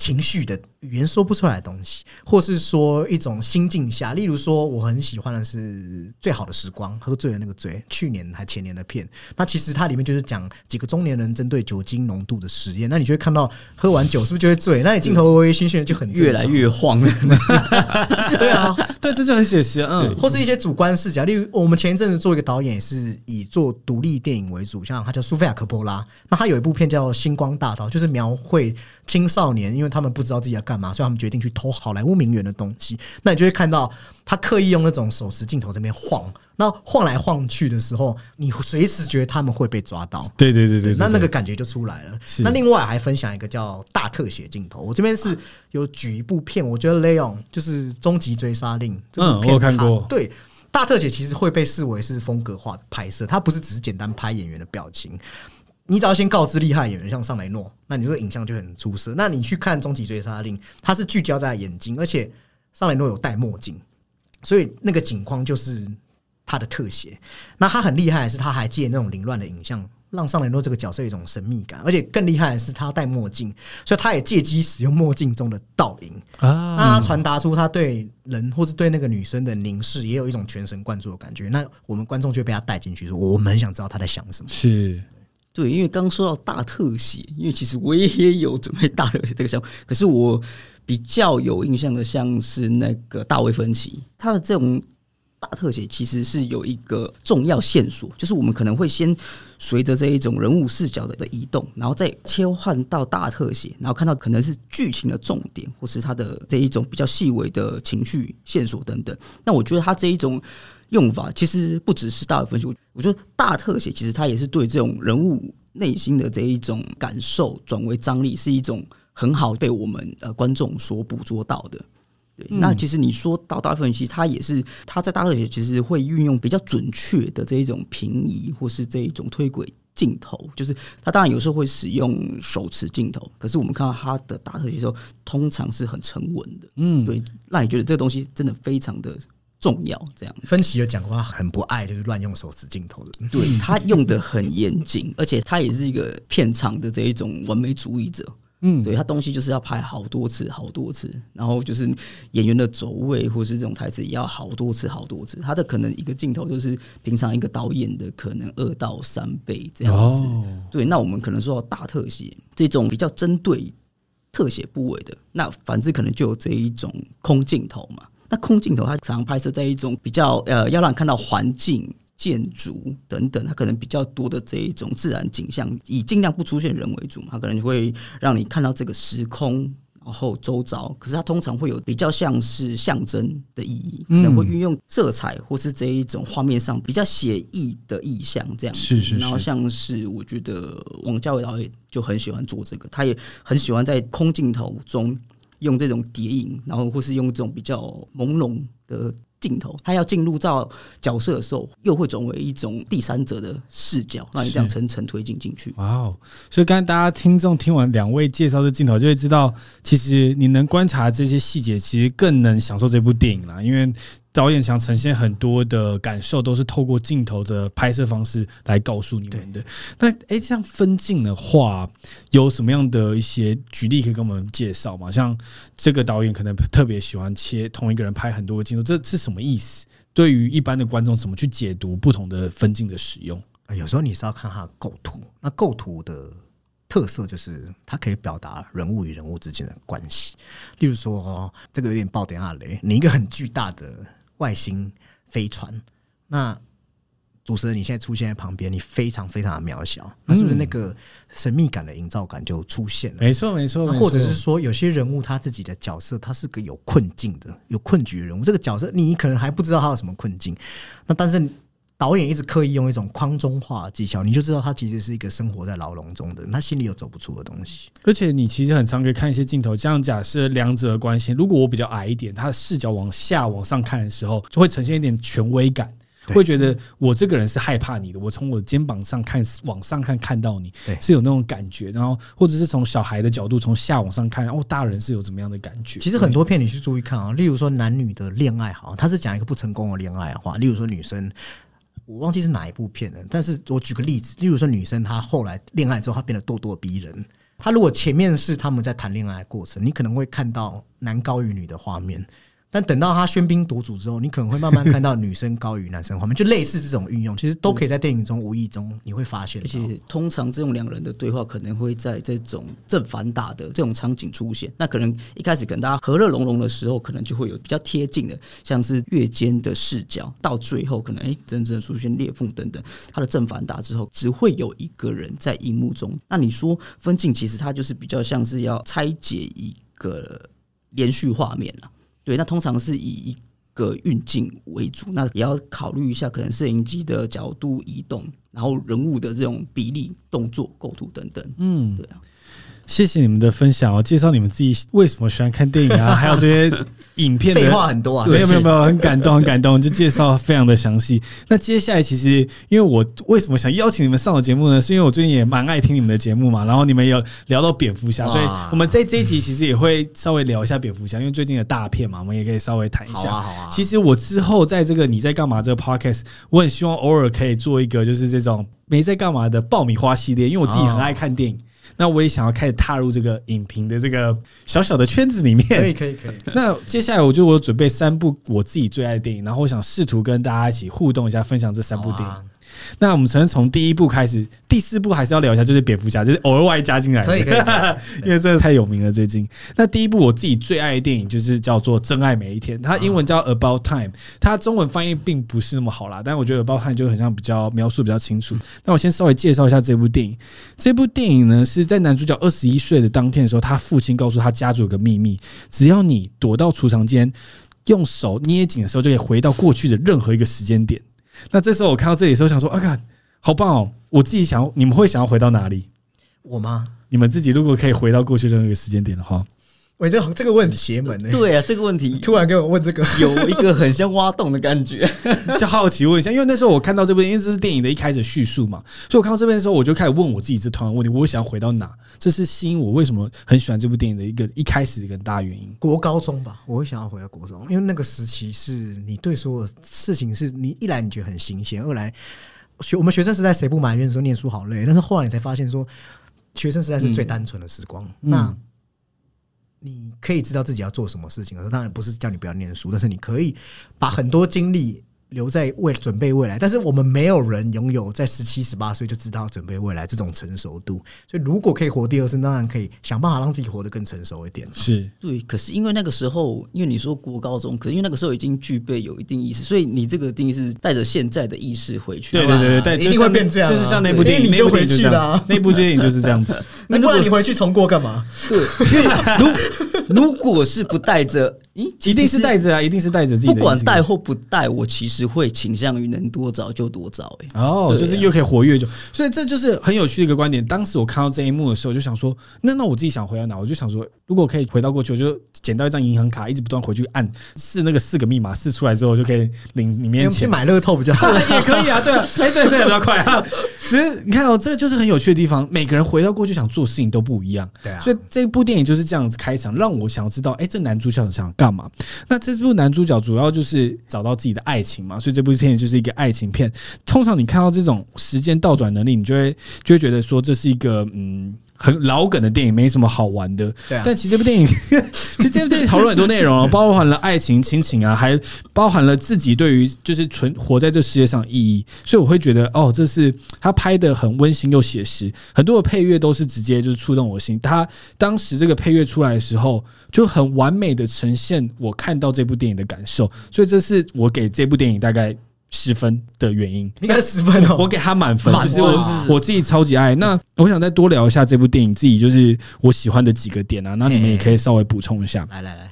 情緒的語言，說不出來的東西，或是說一種心境下，例如說我很喜歡的是最好的時光，喝醉的那個醉，去年還前年的片，那其實它裡面就是講幾個中年人針對酒精濃度的實驗。那你就會看到喝完酒是不是就會醉？那你鏡頭微微醺醺的就很越來越晃。 對啊， 對，這就很寫實啊。嗯，或是一些主觀視角，例如我們前一陣子做一個導演，也是以做獨立電影為主，像他叫蘇菲亞·科波拉，那他有一部片叫《星光大道》，就是描繪。青少年，因為他們不知道自己要幹嘛，所以他們決定去偷好萊塢名媛的東西。那你就會看到他刻意用那種手持鏡頭在這邊晃，那晃來晃去的時候，你隨時覺得他們會被抓到。對對對對，對對對對，那那個感覺就出來了。那另外還分享一個叫大特寫鏡頭。我這邊是有舉一部片，我覺得《Leon》就是《終極追殺令》這片。嗯，我看過。對，大特寫其實會被視為是風格化的拍攝，它不是只是簡單拍演員的表情。你只要先告知厲害演員，像尚雷諾，那你的影像就很出色。那你去看《終極追殺令》，他是聚焦在眼睛，而且尚雷諾有戴墨鏡，所以那個景框，就是他的特寫。那他很厲害，是他還借那種凌亂的影像，讓尚雷諾這個角色有一種神秘感。而且更厲害的是，他戴墨鏡，所以他也借機使用墨鏡中的倒影，啊，傳達出他對人或是對那個女生的凝視，也有一種全神貫注的感覺。那我們觀眾就被他帶進去說，說我們很想知道他在想什麼。是。對，因為剛剛說到大特寫，因為其實我也有準備大特寫這個項目，可是我比較有印象的，像是那個大衛芬奇，他的這種大特寫其實是有一個重要線索，就是我們可能會先隨着這一種人物視角的移動，然後再切換到大特寫，然後看到可能是劇情的重點，或是他的這一種比較細微的情緒線索等等。那我覺得他這一種。用法其實不只是大特寫，我覺得大特寫其實它也是對這種人物內心的這一種感受轉為張力，是一種很好被我們呃觀眾所捕捉到的。對，嗯、那其實你說到大特寫，它也是它在大特寫其實會運用比較準確的這一種平移或是這一種推軌鏡頭，就是它當然有時候會使用手持鏡頭，可是我們看到它的大特寫的時候，通常是很沉穩的。嗯，對，那你覺得這個東西真的非常的重要這樣，芬奇有講過，他很不愛就是亂用手持鏡頭的，對，他用的很嚴謹，而且他也是一個片場的這一種完美主義者，嗯，對，他東西就是要拍好多次，好多次，然後就是演員的走位或是這種台詞也要好多次，好多次，他的可能一個鏡頭就是平常一個導演的可能二到三倍這樣子，對，那我們可能說大特寫，這種比較針對特寫部位的，那反之可能就有這一種空鏡頭嘛。那空鏡頭，它常拍攝在一種比較呃，要讓你看到環境、建築等等，它可能比較多的這一種自然景象，以盡量不出現人為主嘛。它可能就會讓你看到這個時空，然後周遭。可是它通常會有比較像是象徵的意義，嗯，那會運用色彩或是這一種畫面上比較寫意的意象這樣子。是是是是，然後像是我覺得王家衛導演就很喜歡做這個，他也很喜歡在空鏡頭中。用這種疊影，然後或是用這種比較朦朧的鏡頭，他要進入到角色的時候，又會轉為一種第三者的視角，讓你這樣層層推進進去。哇！Wow, 所以剛剛大家聽眾聽完兩位介紹的鏡頭，就會知道，其實你能觀察這些細節，其實更能享受這部電影啦，因為。導演想呈現很多的感受，都是透過鏡頭的拍攝方式來告訴你們的。對。那哎，欸，這樣分鏡的話，有什麼樣的一些舉例可以跟我們介紹嗎？像這個導演可能特別喜歡切同一個人拍很多個鏡頭，這是什麼意思？對於一般的觀眾，怎麼去解讀不同的分鏡的使用？有時候你是要看它的構圖，那構圖的特色就是它可以表達人物與人物之間的關係。例如說，這個有點爆點啊！雷，你一個很巨大的。外星飛船，那主持人你現在出現在旁邊，你非常非常的渺小，那是不是那個神秘感的營造感就出現了？嗯、沒錯，沒錯，沒，那或者是說有些人物他自己的角色，他是個有困境的、有困局的人物。這個角色你可能還不知道他有什麼困境，那但是。導演一直刻意用一種框中化的技巧，你就知道他其實是一個生活在牢籠中的，他心裡有走不出的東西。而且你其實很常可以看一些鏡頭，這樣假設兩者的關係。如果我比較矮一點，他的視角往下往上看的時候，就會呈現一點權威感，會覺得我這個人是害怕你的。我從我的肩膀上看往上看，看到你是有那種感覺。然後或者是從小孩的角度從下往上看，哦，大人是有怎麼樣的感覺？其實很多片你去注意看啊，例如說男女的戀愛哈，他是講一個不成功的戀愛的話。例如說女生。我忘記是哪一部片了，但是我舉個例子，例如說女生她後來戀愛之後，她變得咄咄逼人。她如果前面是他們在談戀愛的過程，你可能會看到男高於女的畫面。但等到他喧賓奪主之後，你可能會慢慢看到女生高於男生畫面， 就類似這種運用，其實都可以在電影中無意中你會發現。而且通常這種兩人的對話可能會在這種正反打的這種場景出現。那可能一開始可能大家和樂融融的時候，可能就會有比較貼近的，像是越肩的視角，到最後可能誒、欸、真正出現裂縫等等。它的正反打之後，只會有一個人在熒幕中。那你說分鏡其實它就是比較像是要拆解一個連續畫面了。對，那通常是以一個運鏡為主，那也要考慮一下可能攝影機的角度移動，然後人物的這種比例、動作、構圖等等。嗯，對啊。嗯，謝謝你們的分享哦，我介紹你們自己為什麼喜歡看電影啊，還有這些。 影片廢話很多啊，對，沒有沒有沒有，很感動很感動，就介紹非常的詳細。 那接下來其實，因為我為什麼想邀請你們上我節目呢？是因為我最近也蠻愛聽你們的節目嘛，然後你們有聊到蝙蝠俠，所以我們在這一集其實也會稍微聊一下蝙蝠俠、嗯，因為最近的大片嘛，我們也可以稍微談一下、好啊好啊好啊。其實我之後在這個你在幹嘛這個 podcast，我很希望偶爾可以做一個就是這種沒在幹嘛的爆米花系列，因為我自己很愛看電影。哦那我也想要開始踏入這個影評的這個小小的圈子裡面。可以，可以可以可以。可以 那接下來我就我準備三部我自己最愛的電影，然後我想試圖跟大家一起互動一下，分享這三部電影。哦啊那我們從從第一部開始，第四部還是要聊一下，就是蝙蝠俠，就是偶爾外加進來的。可以可以， 因為真的太有名了最近。那第一部我自己最愛的電影就是叫做《真愛每一天》，它英文叫《About Time》，它中文翻譯並不是那麼好啦，但是我覺得《About Time》就很像比較描述比較清楚。嗯。那我先稍微介紹一下這部電影。這部電影呢是在男主角二十一歲的當天的時候，他父親告訴他家族有個秘密：只要你躲到儲藏間，用手捏緊的時候，就可以回到過去的任何一個時間點。那這時候我看到這裡的時候，想說哎呀，好棒哦！我自己想要，你們會想要回到哪裡？我嗎？你們自己如果可以回到過去任何一個時間點的話。喂，這這個問題邪門呢、欸？對啊，這個問題突然給我問這個，有一個很像挖洞的感覺， 就好奇問一下。因為那時候我看到這邊，因為這是電影的一開始敘述嘛，所以我看到這邊的時候，我就開始問我自己這同樣問題：我想要回到哪？這是吸引我為什麼很喜歡這部電影的一個一開始一個很大的原因。國高中吧，我會想要回到國中，因為那個時期是你對所有事情是你一來你覺得很新鮮，二來學我們學生時代誰不埋怨、就是、說唸書好累？但是後來你才發現說，學生時代是最單純的時光。嗯嗯、那你可以知道自己要做什麼事情，可是當然不是叫你不要念書，但是你可以把很多精力。留在為準備未來，但是我們沒有人擁有在十七十八歲就知道準備未來這種成熟度，所以如果可以活第二次，當然可以想辦法讓自己活得更成熟一點。是對，可是因為那個時候，因為你說國高中，可是因為那個時候已經具備有一定意識，所以你這個定義是帶着現在的意識回去。對對對對，一定會變這樣，就，就是像那部電影，你就回去了，啊啊、 那部電影就是這樣子。那 不然你回去重過幹嘛？對，因為如果 如果是不帶着。咦、欸，一定是帶着啊，一定是帶着自己。不管帶或不帶，我其實會傾向於能多早就多早，欸。哦，就是又可以活越久，所以這就是很有趣的一個觀點。當時我看到這一幕的時候，我就想說，那那我自己想回到哪？我就想說，如果可以回到過去，我就撿到一張銀行卡，一直不斷回去按試那個四個密碼，試出來之後就可以領裡面去買樂透，比較好 也可以啊。對啊，哎、欸，對，這比較快啊。其實你看哦、喔，這就是很有趣的地方。每個人回到過去想做事情都不一樣，對啊。所以這部電影就是這樣子開場，讓我想要知道，哎、欸，這男主角想。幹嘛？那這部男主角主要就是找到自己的愛情嘛，所以這部電影就是一個愛情片。通常你看到這種時間倒轉能力，你就會就會覺得說，這是一個嗯。很老梗的電影，沒什麼好玩的。對啊。但其實這部電影，其實這部電影討論很多內容，包含了愛情、親情啊，還包含了自己對於就是存活在這世界上意義。所以我會覺得，哦，這是他拍得很溫馨又寫實，很多的配樂都是直接就是觸動我心。他當時這個配樂出來的時候，就很完美的呈現我看到這部電影的感受。所以這是我給這部電影大概十分的原因，應該十分哦。我給他滿分，分就是我自己超級愛。那我想再多聊一下這部電影，自己就是我喜歡的幾個點啊。那你們也可以稍微補充一下，嘿嘿嘿嘿。來來來，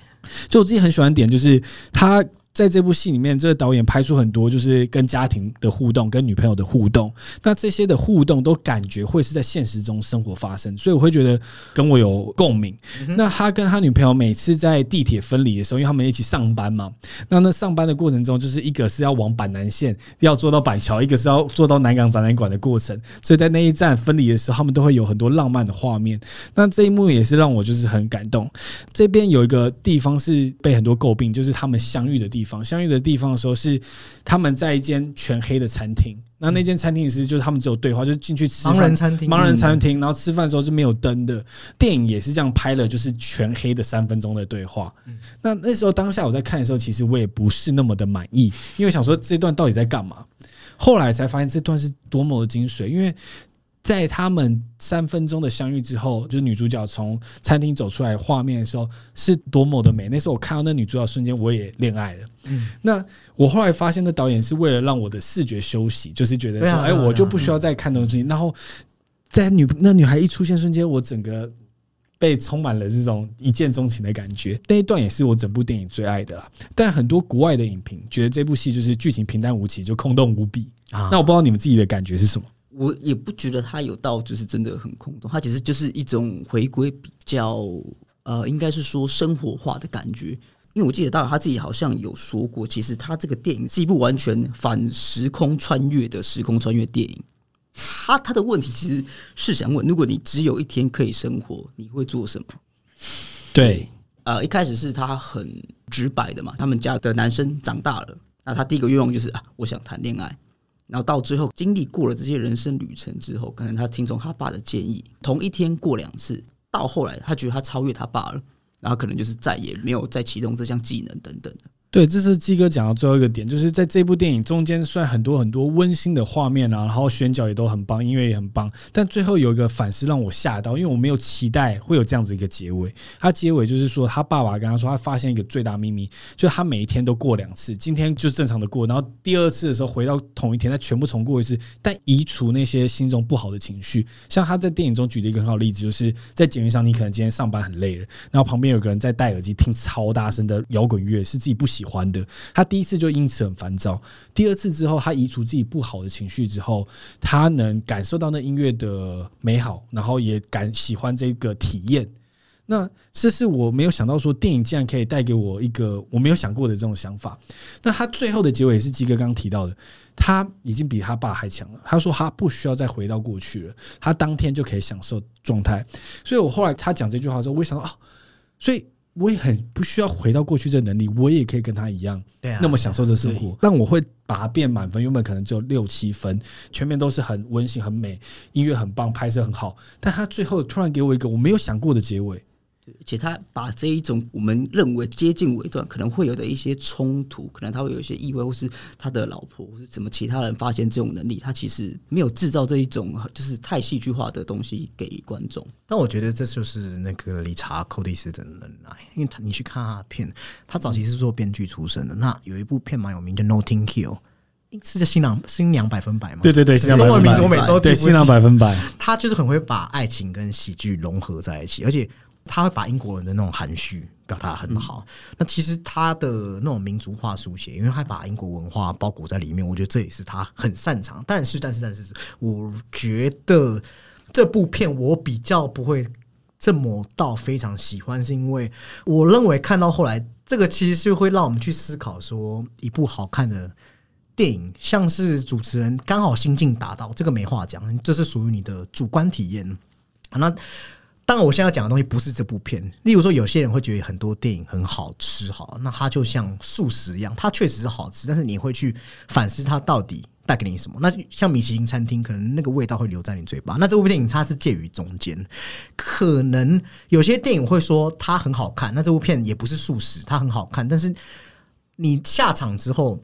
就我自己很喜歡的點就是他。在這部戲裡面，這個導演拍出很多就是跟家庭的互動、跟女朋友的互動，那這些的互動都感覺會是在現實中生活發生，所以我會覺得跟我有共鳴。嗯。那他跟他女朋友每次在地鐵分離的時候，因為他們一起上班嘛，那那上班的過程中，就是一個是要往板南線要坐到板橋，一個是要坐到南港展覽館的過程，所以在那一站分離的時候，他們都會有很多浪漫的畫面。那這一幕也是讓我就是很感動。這邊有一個地方是被很多詬病，就是他們相遇的地方。相遇的地方的時候是他們在一間全黑的餐廳，那那間餐廳其實就是他們只有對話，就是進去吃飯，盲人餐廳，盲人餐廳，嗯啊、然後吃飯的時候是沒有燈的。電影也是這樣拍了，就是全黑的三分鐘的對話。嗯、那那時候當下我在看的時候，其實我也不是那麼的滿意，因為想說這段到底在幹嘛？後來才發現這段是多麼的精髓，因為。在他們三分鐘的相遇之後，就是女主角從餐廳走出來畫面的時候，是多麼的美。那時候我看到那女主角瞬間，我也戀愛了。嗯，那我後來發現，那導演是為了讓我的視覺休息，就是覺得說，哎、啊啊欸，我就不需要再看東西。嗯、然後，在女那女孩一出現瞬間，我整個被充滿了這種一見鍾情的感覺。那一段也是我整部電影最愛的啦。但很多國外的影評覺得這部戲就是劇情平淡無奇，就空洞無比啊。那我不知道你們自己的感覺是什麼？我也不覺得他有到，就是真的很空洞。他其實就是一種回歸比較，呃，應該是說生活化的感覺。因為我記得導演他自己好像有說過，其實他這個電影是一部完全反時空穿越的時空穿越電影。他他的問題其實是想問：如果你只有一天可以生活，你會做什麼？對，啊、呃，一開始是他很直白的嘛。他們家的男生長大了，那他第一個願望就是啊，我想談戀愛。然後到最後，經歷過了這些人生旅程之後，可能他聽從他爸的建議，同一天過兩次，到後來他覺得他超越他爸了，然後可能就是再也沒有再啟動這項技能等等的。對，這是基哥講的最後一個點，就是在這部電影中間，雖然很多很多溫馨的畫面啊，然後，然後選角也都很棒，音樂也很棒，但最後有一個反思讓我嚇到，因為我沒有期待會有這樣子一個結尾。他結尾就是說，他爸爸跟他說，他發現一個最大秘密，就是他每一天都過兩次，今天就正常的過，然後第二次的時候回到同一天，他全部重過一次，但移除那些心中不好的情緒。像他在電影中舉的一個很好的例子，就是在捷運上，你可能今天上班很累了，然後旁邊有個人在戴耳機聽超大聲的搖滾樂，是自己不喜。喜歡的，他第一次就因此很煩躁。第二次之後，他移除自己不好的情緒之後，他能感受到那音樂的美好，然後也感喜歡這個體驗。那這是我沒有想到，說電影竟然可以帶給我一個我沒有想過的這種想法。那他最後的結尾也是基哥剛剛提到的，他已經比他爸還強了。他說他不需要再回到過去了，他當天就可以享受狀態。所以我後來他講這句話的時候，我也想到啊、哦，所以。我也很不需要回到過去這個能力，我也可以跟他一樣，那麼享受這生活。但我會把它變滿分，原本可能只有六七分，全片都是很溫馨、很美，音樂很棒，拍攝很好。但他最後突然給我一個我沒有想過的結尾。而且他把這一種我們認為接近尾段可能會有的一些衝突，可能他會有一些意外，或是他的老婆，或是怎麼其他人發現這種能力，他其實沒有製造這一種就是太戲劇化的東西給觀眾。但我覺得這就是那個理查·寇蒂斯的能耐，因為他，你去看他的片，他早期是做編劇出身的，嗯。那有一部片蠻有名的，叫《Notting Hill》，是叫新《新郎新娘百分百》嗎？對對對，是。《新娘百分百》，他就是很會把愛情跟喜劇融合在一起，而且。他會把英國人的那種含蓄表達得很好，嗯。那其實他的那種民族化書寫，因為他把英國文化包裹在裡面，我覺得這也是他很擅長。但是，但是，但是，我覺得這部片我比較不會這麼到非常喜歡，是因為我認為看到後來這個其實是會讓我們去思考，說一部好看的電影，像是主持人剛好心境達到，這個沒話講，這是屬於你的主觀體驗。好那。當然，我現在要講的東西不是這部片。例如說，有些人會覺得很多電影很好吃，哈，那它就像素食一樣，它確實是好吃，但是你會去反思它到底帶給你什麼。那像米其林餐廳，可能那個味道會留在你嘴巴。那這部電影它是介於中間，可能有些電影會說它很好看，那這部片也不是素食，它很好看，但是你下場之後，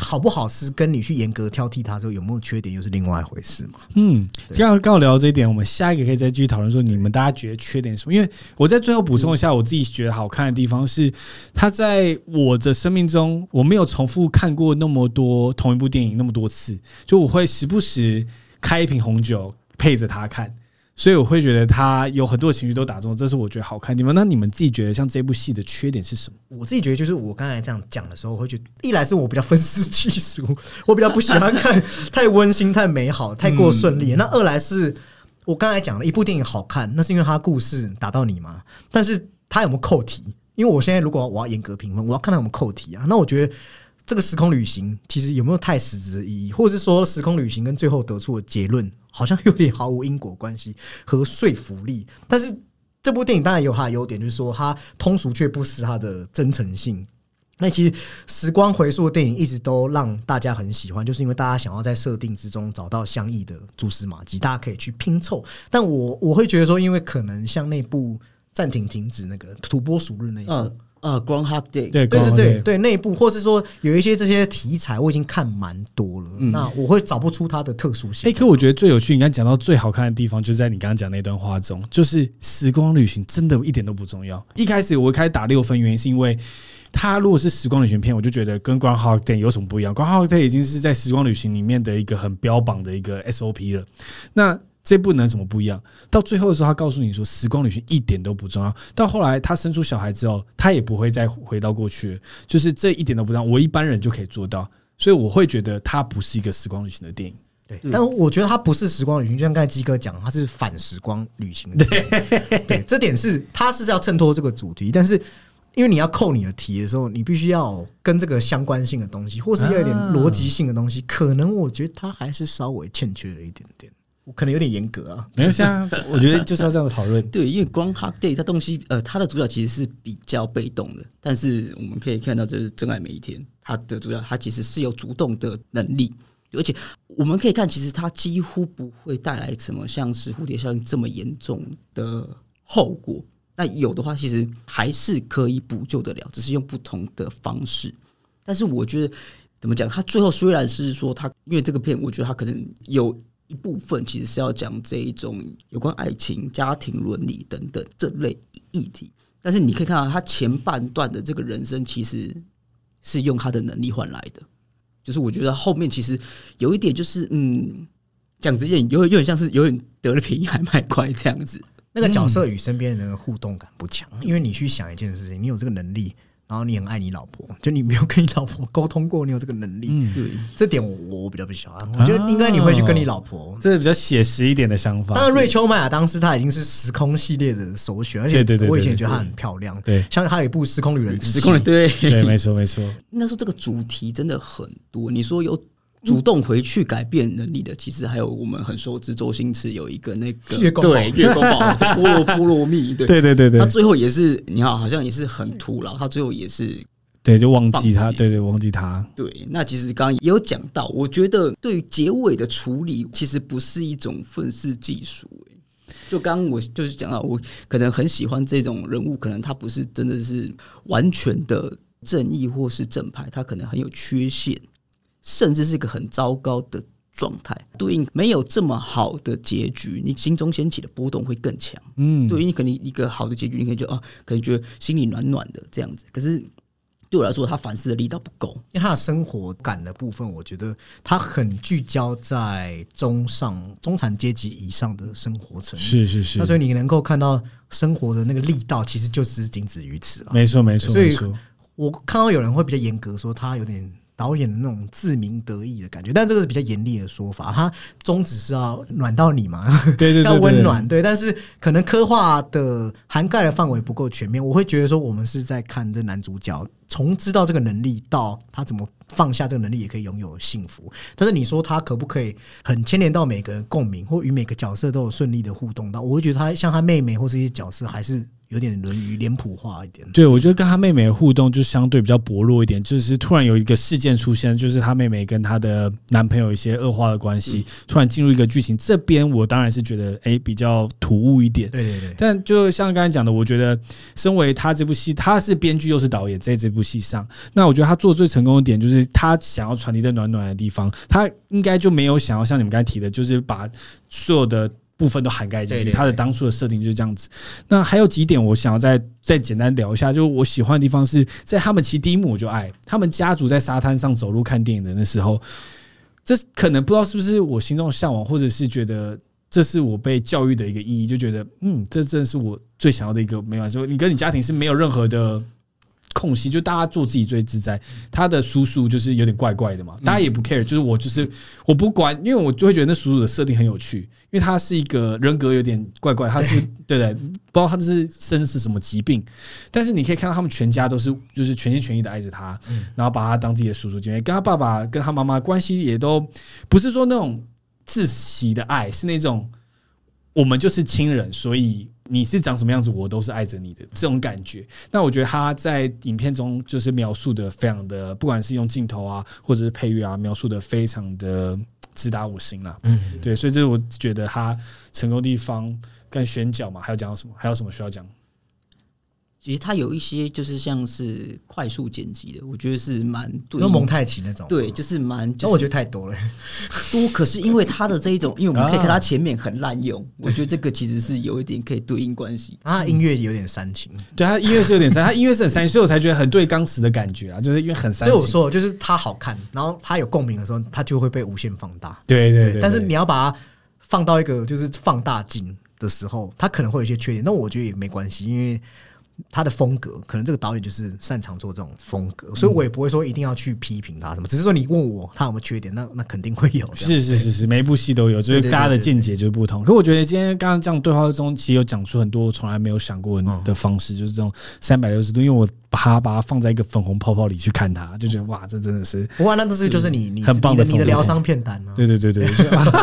好不好吃，跟你去嚴格挑剔它之後，有沒有缺點，又是另外一回事嘛。嗯，這樣剛剛聊到這一點，我們下一個可以再繼續討論說，你們大家覺得缺點什麼？因為我在最後補充一下，我自己覺得好看的地方是，它、嗯、在我的生命中，我沒有重複看過那麼多同一部電影那麼多次，就我會時不時開一瓶紅酒配着它看。所以我會覺得他有很多情緒都打中，這是我覺得好看。你們那你們自己覺得像這部戲的缺點是什麼？我自己覺得就是我剛才這樣講的時候，我會覺得一來是我比較憤世嫉俗，我比較不喜歡看 太溫馨、太美好、太過順利、嗯。那二來是我剛才講了一部電影好看，那是因為它故事打到你嘛。但是它有沒有扣題？因為我現在如果我要嚴格評分，我要看它有沒有扣題啊？那我覺得這個時空旅行其實有沒有太實質的意義，或者是說時空旅行跟最後得出的結論？好像有點毫無因果關係和說服力，但是這部電影當然也有它的優點，就是說它通俗卻不失它的真誠性。那其實時光回溯的電影一直都讓大家很喜歡，就是因為大家想要在設定之中找到相應的蛛絲馬跡，大家可以去拼湊。但我我會覺得說，因為可能像那部暫停停止那個土撥鼠日那一刻。嗯呃、uh, Groundhog Day，對對對對對，那一部，或是說有一些這些題材，我已經看蠻多了、嗯。那我會找不出它的特殊性。那、欸、可我覺得最有趣，你剛講到最好看的地方，就在你剛剛講那段話中，就是時光旅行真的一點都不重要。一開始我開始打六分，原因是因為它如果是時光旅行片，我就覺得跟 Groundhog Day 有什麼不一樣。Groundhog Day 已經是在時光旅行裡面的一個很標榜的一個 SOP 了。那這不能怎麼不一樣？到最後的時候，他告訴你說，時光旅行一點都不重要。到後來，他生出小孩之後，他也不會再回到過去。就是這一點都不重要。我一般人就可以做到，所以我會覺得它不是一個時光旅行的電影。對，但我覺得它不是時光旅行，就像剛才基哥講，它是反時光旅行的電影。對,對， 對，這點是它是要襯托這個主題，但是因為你要扣你的題的時候，你必須要跟這個相關性的東西，或是要有點邏輯性的東西，啊、可能我覺得它還是稍微欠缺了一點點。我可能有點嚴格啊，沒有像我覺得就是要這樣討論。對，因為 Groundhog Day 它東西，呃，它的主角其實是比較被動的，但是我們可以看到，就是《真愛每一天》，它的主角它其實是有主動的能力，對，而且我們可以看，其實他幾乎不會帶來什麼像是蝴蝶效應這麼嚴重的後果。那有的話，其實還是可以補救得了，只是用不同的方式。但是我覺得，怎麼講，他最後雖然是說他，因為這個片，我覺得他可能有。一部分其實是要講這一種有關愛情、家庭倫理等等這類議題，但是你可以看到他前半段的這個人生其實是用他的能力換來的，就是我覺得後面其實有一點就是，嗯，講直接點有點有點像是有點得了便宜還賣乖這樣子，那個角色與身邊人的互動感不強，嗯、因為你去想一件事情，你有這個能力。然後你很愛你老婆，就你沒有跟你老婆溝通過，你有這個能力。嗯，對，這點我我比較不喜歡，我覺得應該你會去跟你老婆，啊、這是比較寫實一點的想法。當然，瑞秋·麥亞當斯她已經是時空系列的首選，對，而且我以前也覺得她很漂亮。對、對、對、對、對、對，像她有一部《時空旅人》，時空旅人對、對，沒錯沒錯。應該說這個主題真的很多，你說有。主動回去改變能力的，其實還有我們很熟知周星馳有一個那個月光寶盒，菠蘿菠蘿蜜，對, 對對對對，他最後也是你看好,好像也是很徒勞，他最後也是對就忘記他，對對,對忘記他。對，那其實剛剛也有講到，我覺得對於結尾的處理，其實不是一種憤世嫉俗。就剛剛我就是講到，我可能很喜歡這種人物，可能他不是真的是完全的正義或是正派，他可能很有缺陷。甚至是一個很糟糕的狀態，對於沒有這麼好的結局，你心中掀起的波動會更強。嗯，對於你可能一個好的結局，你可以覺得啊，可能覺得心裡暖暖的這樣子。可是對我來說，他反思的力道不夠，因為他的生活感的部分，我覺得他很聚焦在中上中產階級以上的生活層面。是是是。那所以你能夠看到生活的那個力道，其實就只是僅止於此了。沒錯沒錯。所以我看到有人會比較嚴格說，他有點。導演的那種自鳴得意的感覺，但這個是比較嚴厲的說法。他宗旨是要暖到你嘛，對對，對,對,對,對，要溫暖，對。但是可能刻畫的涵蓋的範圍不夠全面，我會覺得說我們是在看這男主角從知道這個能力到他怎麼放下這個能力，也可以擁有幸福。但是你說他可不可以很牽連到每個人共鳴，或與每個角色都有順利的互動到？到我會覺得他像他妹妹或這些角色還是有點淪為臉譜化一點，對，我覺得跟他妹妹的互動就相對比較薄弱一點，就是突然有一個事件出現，就是他妹妹跟她的男朋友一些惡化的關係，嗯，突然進入一個劇情。這邊我當然是覺得哎比較突兀一點，對對對。但就像剛才講的，我覺得身為他這部戲，他是編劇又是導演，在這部戲上，那我覺得他做最成功的點就是他想要傳遞在暖暖的地方，他應該就沒有想要像你們剛才提的，就是把所有的。部分都涵蓋進去，他的當初的設定就是這樣子。那還有幾點，我想要再再簡單聊一下，就是我喜歡的地方是在他們其實第一幕我就愛他們家族在沙灘上走路看電影的那時候，這可能不知道是不是我心中的嚮往，或者是覺得這是我被教育的一個意義，就覺得嗯，這真是我最想要的一個美好。說你跟你家庭是沒有任何的。空隙，就大家做自己最自在。他的叔叔就是有點怪怪的嘛，大家也不 care，就是我，就是我不管，因為我就會覺得那叔叔的設定很有趣，因為他是一個人格有點怪怪，他是對對，對對？不知道他這，就是身世什麼疾病。但是你可以看到他們全家都是就是全心全意的愛着他，嗯、然後把他當自己的叔叔，因為跟他爸爸跟他媽媽關係也都不是說那種窒息的愛，是那種我們就是親人，所以。你是長什麼樣子，我都是愛着你的這種感覺。那我覺得他在影片中就是描述的非常的，不管是用鏡頭啊，或者是配樂啊，描述的非常的直達我心了。嗯，嗯，嗯，對，所以這是我覺得他成功的地方。跟選角嘛，還有講到什麼？還有什麼需要講？其實它有一些就是像是快速剪輯的，我覺得是蠻，說蒙太奇那種，對，就是蠻。但、哦、我覺得太多了，多。可是因為它的這一種，因為我們可以看它前面很濫用、啊，我覺得這個其實是有一點可以對應關係。它、啊、音樂有點煽情，嗯、對，它音樂是有點煽，它 音樂是很煽，所以我才覺得很對歌詞的感覺啊，就是因為很煽情、嗯。所以我說，就是它好看，然後它有共鳴的時候，它就會被無限放大。對對對，對，對，對，對。但是你要把它放到一個就是放大鏡的時候，它可能會有一些缺點。那我覺得也沒關係，因為。他的風格，可能這個導演就是擅長做這種風格，所以我也不會說一定要去批評他什麼。只是說你問我他有沒有缺點，那那肯定會有。是是是是，每一部戲都有，就是大家的見解就是不同。對對對對對對，可我覺得今天剛剛這樣對話中，其實有講出很多我從來沒有想過的方式，嗯、就是這種三百六十度，因為我把它把它放在一個粉紅泡泡裡去看它，就覺得哇，這真的是。哇，那這是就是你你很棒的你的療傷片單嗎、啊？對對對對，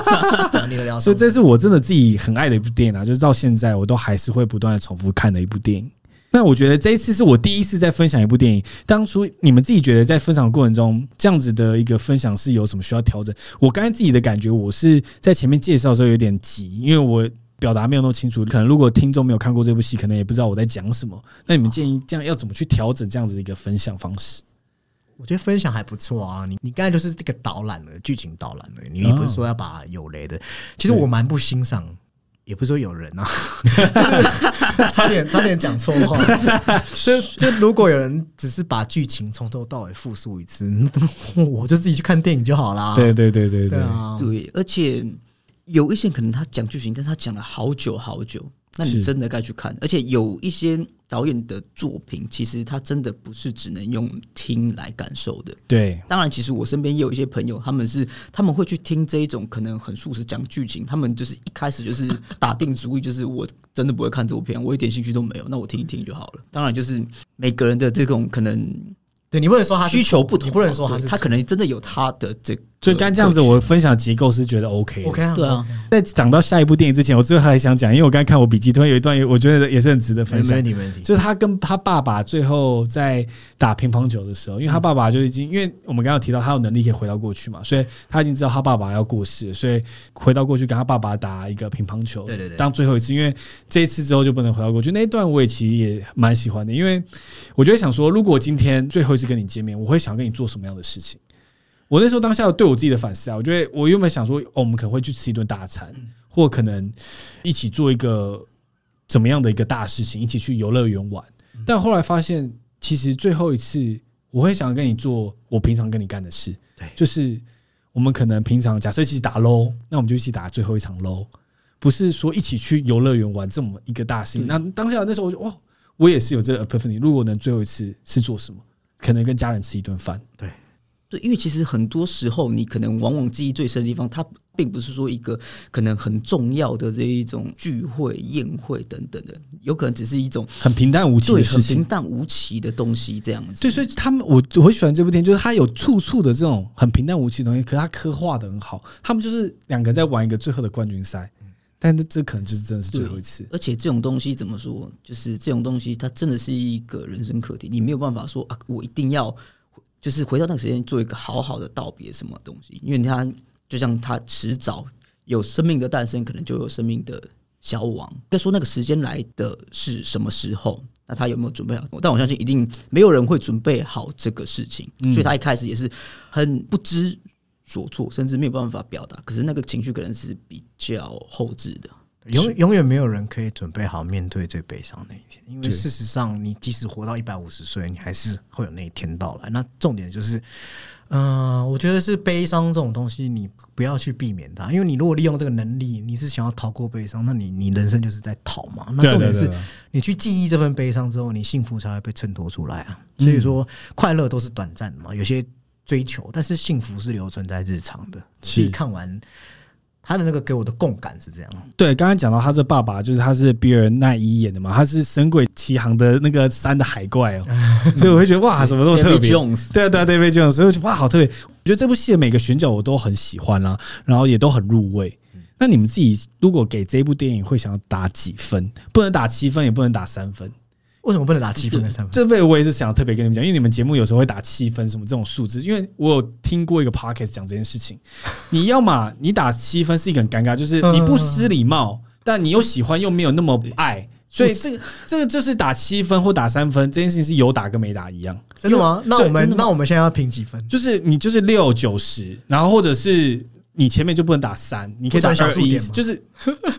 你的療傷。所以這是我真的自己很愛的一部電影啊，就是到現在我都還是會不斷的重複看的一部電影。那我覺得這一次是我第一次在分享一部電影。當初你們自己覺得在分享的過程中，這樣子的一個分享是有什麼需要調整？我剛才自己的感覺，我是在前面介紹的時候有點急，因為我表達沒有那麼清楚。可能如果聽眾沒有看過這部戲，可能也不知道我在講什麼。那你們建議這樣要怎麼去調整這樣子的一個分享方式？我覺得分享還不錯啊。你你剛才就是這個導覽的劇情導覽的，你不是說要把有雷的？其實我蠻不欣賞。也不是說有人啊。 差，差點差點講錯話 就，就就如果有人只是把劇情從頭到尾複述一次， 我就自己去看電影就好啦。對對對對對對，啊對，而且有一些可能他講劇情，但是他講了好久好久。那你真的該去看，而且有一些導演的作品，其實他真的不是只能用聽來感受的。對，當然，其實我身邊也有一些朋友，他們是他們會去聽這一種，可能很速食講劇情，他們就是一開始就是打定主意，就是我真的不會看這部片，我一點興趣都沒有，那我聽一聽就好了。當然，就是每個人的這種可能，對你不能說他需求不同，不能說他是他可能真的有他的這個。所以剛這樣子，我分享結構是覺得 OK 的。OK 啊，對啊。Okay、在講到下一部電影之前，我最後還想講，因為我剛才看我筆記，突然有一段，我覺得也是很值得分享。就是他跟他爸爸最後在打乒乓球的時候，因為他爸爸就已經，嗯、因為我們剛剛提到他有能力可以回到過去嘛，所以他已經知道他爸爸要過世，所以回到過去跟他爸爸打一個乒乓球，對對對，當最後一次，因為這一次之後就不能回到過去。那一段我也其實也蠻喜歡的，因為我就想說，如果今天最後一次跟你見面，我會想跟你做什麼樣的事情？我那時候當下對我自己的反思啊，我覺得我原本想說，哦，我們可能會去吃一頓大餐，或可能一起做一個怎麼樣的一個大事情，一起去遊樂園玩。但後來發現，其實最後一次我會想跟你做我平常跟你幹的事，對，就是我們可能平常假設一起打 low，那我們就一起打最後一場 low，不是說一起去遊樂園玩這麼一個大事情。那當下那時候我就哦，我也是有這個 epiphany，如果能最後一次是做什麼，可能跟家人吃一頓飯，對。因為其實很多時候，你可能往往記憶最深的地方，它並不是說一個可能很重要的這一種聚會、宴會等等的，有可能只是一種很平淡無奇的事情。對，很平淡無奇的東西這樣子。對，所以他們我我喜歡這部電影，就是他有處處的這種很平淡無奇的東西，可他刻畫得很好。他們就是兩個在玩一個最後的冠軍賽，但這可能就是真的是最後一次。而且這種東西怎麼說，就是這種東西它真的是一個人生課題，你沒有辦法說啊，我一定要。就是回到那個時間做一個好好的道別，什麼東西？因為他就像他遲早有生命的誕生，可能就有生命的消亡。該說那個時間來的是什麼時候？那他有沒有準備好？但我相信一定沒有人會準備好這個事情，所以他一開始也是很不知所措，甚至沒有辦法表達。可是那個情緒可能是比較後置的。永永遠沒有人可以準備好面對最悲傷那一天，因為事實上，你即使活到一百五十歲，你還是會有那一天到來。那重點就是，嗯、呃，我覺得是悲傷這種東西，你不要去避免它，因為你如果利用這個能力，你是想要逃過悲傷，那你你人生就是在逃嘛。那重點是，你去記憶這份悲傷之後，你幸福才會被襯托出來啊。所以說，快樂都是短暫的嘛，有些追求，但是幸福是留存在日常的。所以看完。他的那個給我的共感是這樣，對，剛剛講到他的爸爸，就是他是比爾奈伊演的嘛，他是《神鬼奇航》的那個山的海怪哦、喔， 所以我會覺得哇，什麼都特別， 對啊，David Jones, 對啊對 David Jones，所以我覺得哇，好特別，我覺得這部戲的每個選角我都很喜歡啦，然後也都很入味。嗯、那你們自己如果給這部電影會想要打幾分？不能打七分，也不能打三分。為什麼不能打七分，跟三分？這位我也是想特別跟你們講，因為你們節目有時候會打七分，什麼這種數字，因為我有聽過一個 podcast 講這件事情，你要嘛你打七分是一個很尷尬，就是你不失禮貌，但你又喜歡又沒有那麼愛，所以這個這個就是打七分或打三分，這件事情是有打跟沒打一樣。真，真的嗎？那我們那我們現在要評幾分？就是你就是六九十，然後或者是。你前面就不能打三，你可以打2，小數點，就是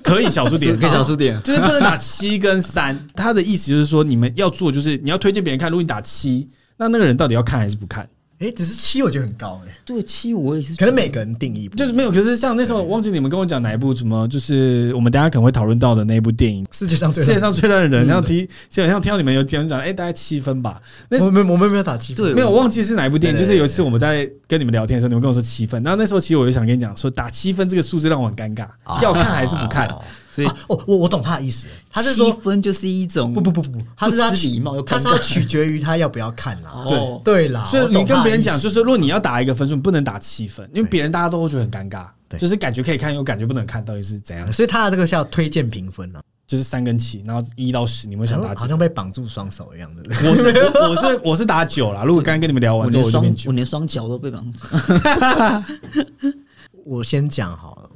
可以小數點， 可以小數點， 就是不能打七跟三。他的意思就是說，你們要做，就是你要推薦別人看。如果你打七，那那個人到底要看還是不看？哎、欸，只是七，我覺得很高哎、欸。對，七我也是，可能每個人定義吧，就是沒有。可是像那時候，對對對對忘記你們跟我講哪一部，什麼就是我們大家可能會討論到的那一部電影，世界上最世界上最爛的人，像、嗯、聽，就、嗯、好像聽到你們有這樣講，哎、欸，大概七分吧。那時候沒有，我們沒有打七分，我沒有我忘記是哪一部電影。對對對對，就是有一次我們在跟你們聊天的時候，你們跟我說七分。然後那時候其實我就想跟你講，說打七分這個數字讓我很尷尬、啊，要看還是不看？啊啊啊啊啊啊所以哦，我我懂他的意思，他是說分就是一種不不不不，他是失禮貌，哦、他是說取決於他要不要看啦。對對啦，所以你跟別人講，就是如果你要打一個分數，你不能打七分，因為別人大家都會覺得很尷尬，就是感覺可以看又感覺不能看到，到底是怎樣？所以他的這個叫推薦評分了、啊，就是三跟七，然後一到十，你們會想打幾？哎、好像被綁住雙手一樣的。我是我，我是我是打九啦，如果剛剛跟你們聊完之後，之雙我連雙腳都被綁住了。 我先講好了。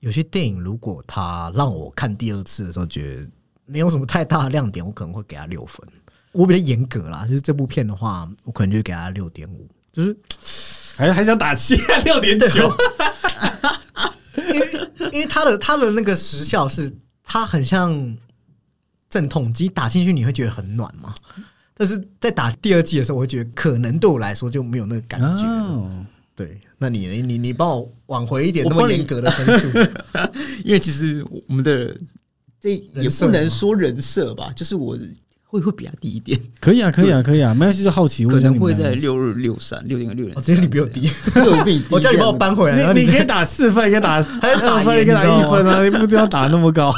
有些電影，如果他讓我看第二次的時候，覺得沒有什麼太大的亮點，我可能會給他六分。我比較嚴格啦，就是這部片的話，我可能就會給他六點五，就是還還想打七，六點九。 因為因為他的他的那個時效是，他很像鎮痛劑，打進去你會覺得很暖嘛。但是在打第二季的時候，我會覺得可能對我來說就沒有那個感覺，oh. 對。那你你你幫我挽回一點那麼嚴格的分數，啊、因為其實我們的這也不能說人設吧，人，就是我會會比他低一點。可以啊，可以啊，可以啊，沒關係，就好奇，可能會在六日六三六點六哦，這是你比我低， 我你，叫你幫我搬回來。 你，回來 你，你，你可以打四分，你可以打二分，還你可以打一分啊，你不需要打那麼高。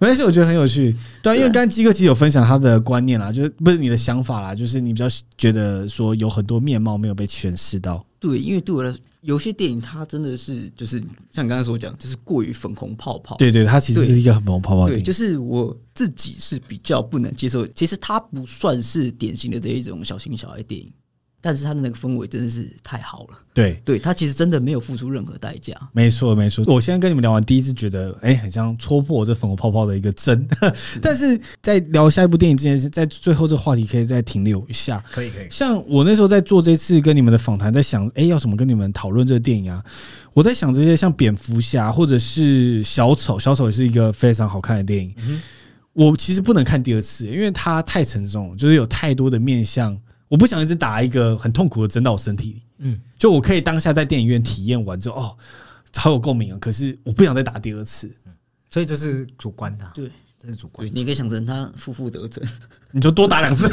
沒關係，我覺得很有趣。對、啊，因為剛剛基哥其實有分享他的觀念啦，就是不是你的想法啦，就是你比較覺得說有很多面貌沒有被詮釋到。對，因為對我來說，有些電影它真的是就是像你剛才所講，就是過於粉紅泡泡。對對，它其實是一個很粉紅泡泡的電影對。對，就是我自己是比較不能接受。其實它不算是典型的這一種小型小孩電影。但是他的那個氛圍真的是太好了，對，對對，他其實真的沒有付出任何代價，嗯。沒錯沒錯，我現在跟你們聊完，第一次覺得哎、欸，很像戳破我這粉紅泡泡的一個針。嗯、但是在聊下一部電影之前，在最後這個話題可以再停留一下。可以可以。像我那時候在做這次跟你們的訪談，在想哎、欸，要怎麼跟你們討論這個電影啊？我在想這些像蝙蝠俠或者是小丑，小丑也是一個非常好看的電影。嗯、我其實不能看第二次，因為它太沉重了，就是有太多的面向。我不想一直打一個很痛苦的針到我身體裡，嗯，就我可以當下在電影院體驗完之後，哦，好有共鳴啊！可是我不想再打第二次，所以這是主觀的啊，對，這是主觀。你可以想成他負負得正，你就多打兩次。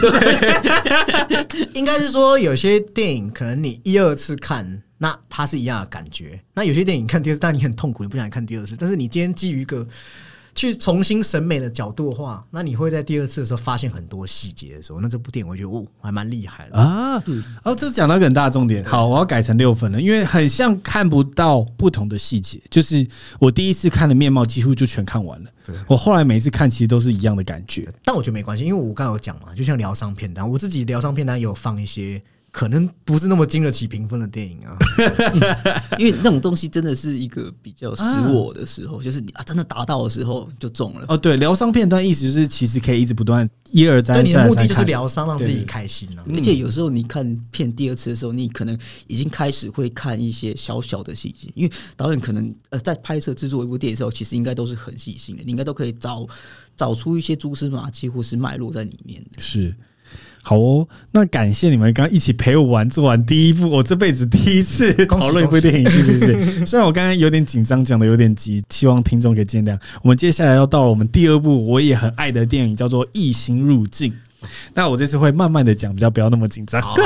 應該是說有些電影可能你一二次看，那它是一樣的感覺；那有些電影看第二次，但你很痛苦，你不想看第二次。但是你今天基於一個去重新審美的角度的話，那你會在第二次的時候發現很多細節的時候，那這部電影我覺得哦還蠻厲害的啊。然後，嗯，哦，這講到一個很大的重點，好，我要改成六分了，因為很像看不到不同的細節，就是我第一次看的面貌幾乎就全看完了。對，我後來每一次看其實都是一樣的感覺，但我覺得沒關係，因為我剛剛有講嘛，就像療傷片單，我自己療傷片單也有放一些。可能不是那麼經得起評分的電影啊， 因為那種東西真的是一個比較失落的時候，就是你啊，真的達到的時候就中了哦。對，療傷片段，意思是其實可以一直不斷一而再，再而三，對你的目的就是療傷，讓自己開心了啊。而且有時候你看片第二次的時候，你可能已經開始會看一些小小的細節，因為導演可能呃在拍攝製作一部電影的時候，其實應該都是很細心的，你應該都可以找找出一些蛛絲馬跡或是脈絡在裡面的。是。好哦，那感謝你們剛剛一起陪我玩，做完第一部，我、哦、這輩子第一次討論一部電影，是不是，是？雖然我剛剛有點緊張，講的有點急，希望聽眾可以見諒。我們接下來要到了我們第二部，我也很愛的電影叫做《異星入境》，嗯，那我這次會慢慢的講，比較不要那麼緊張。好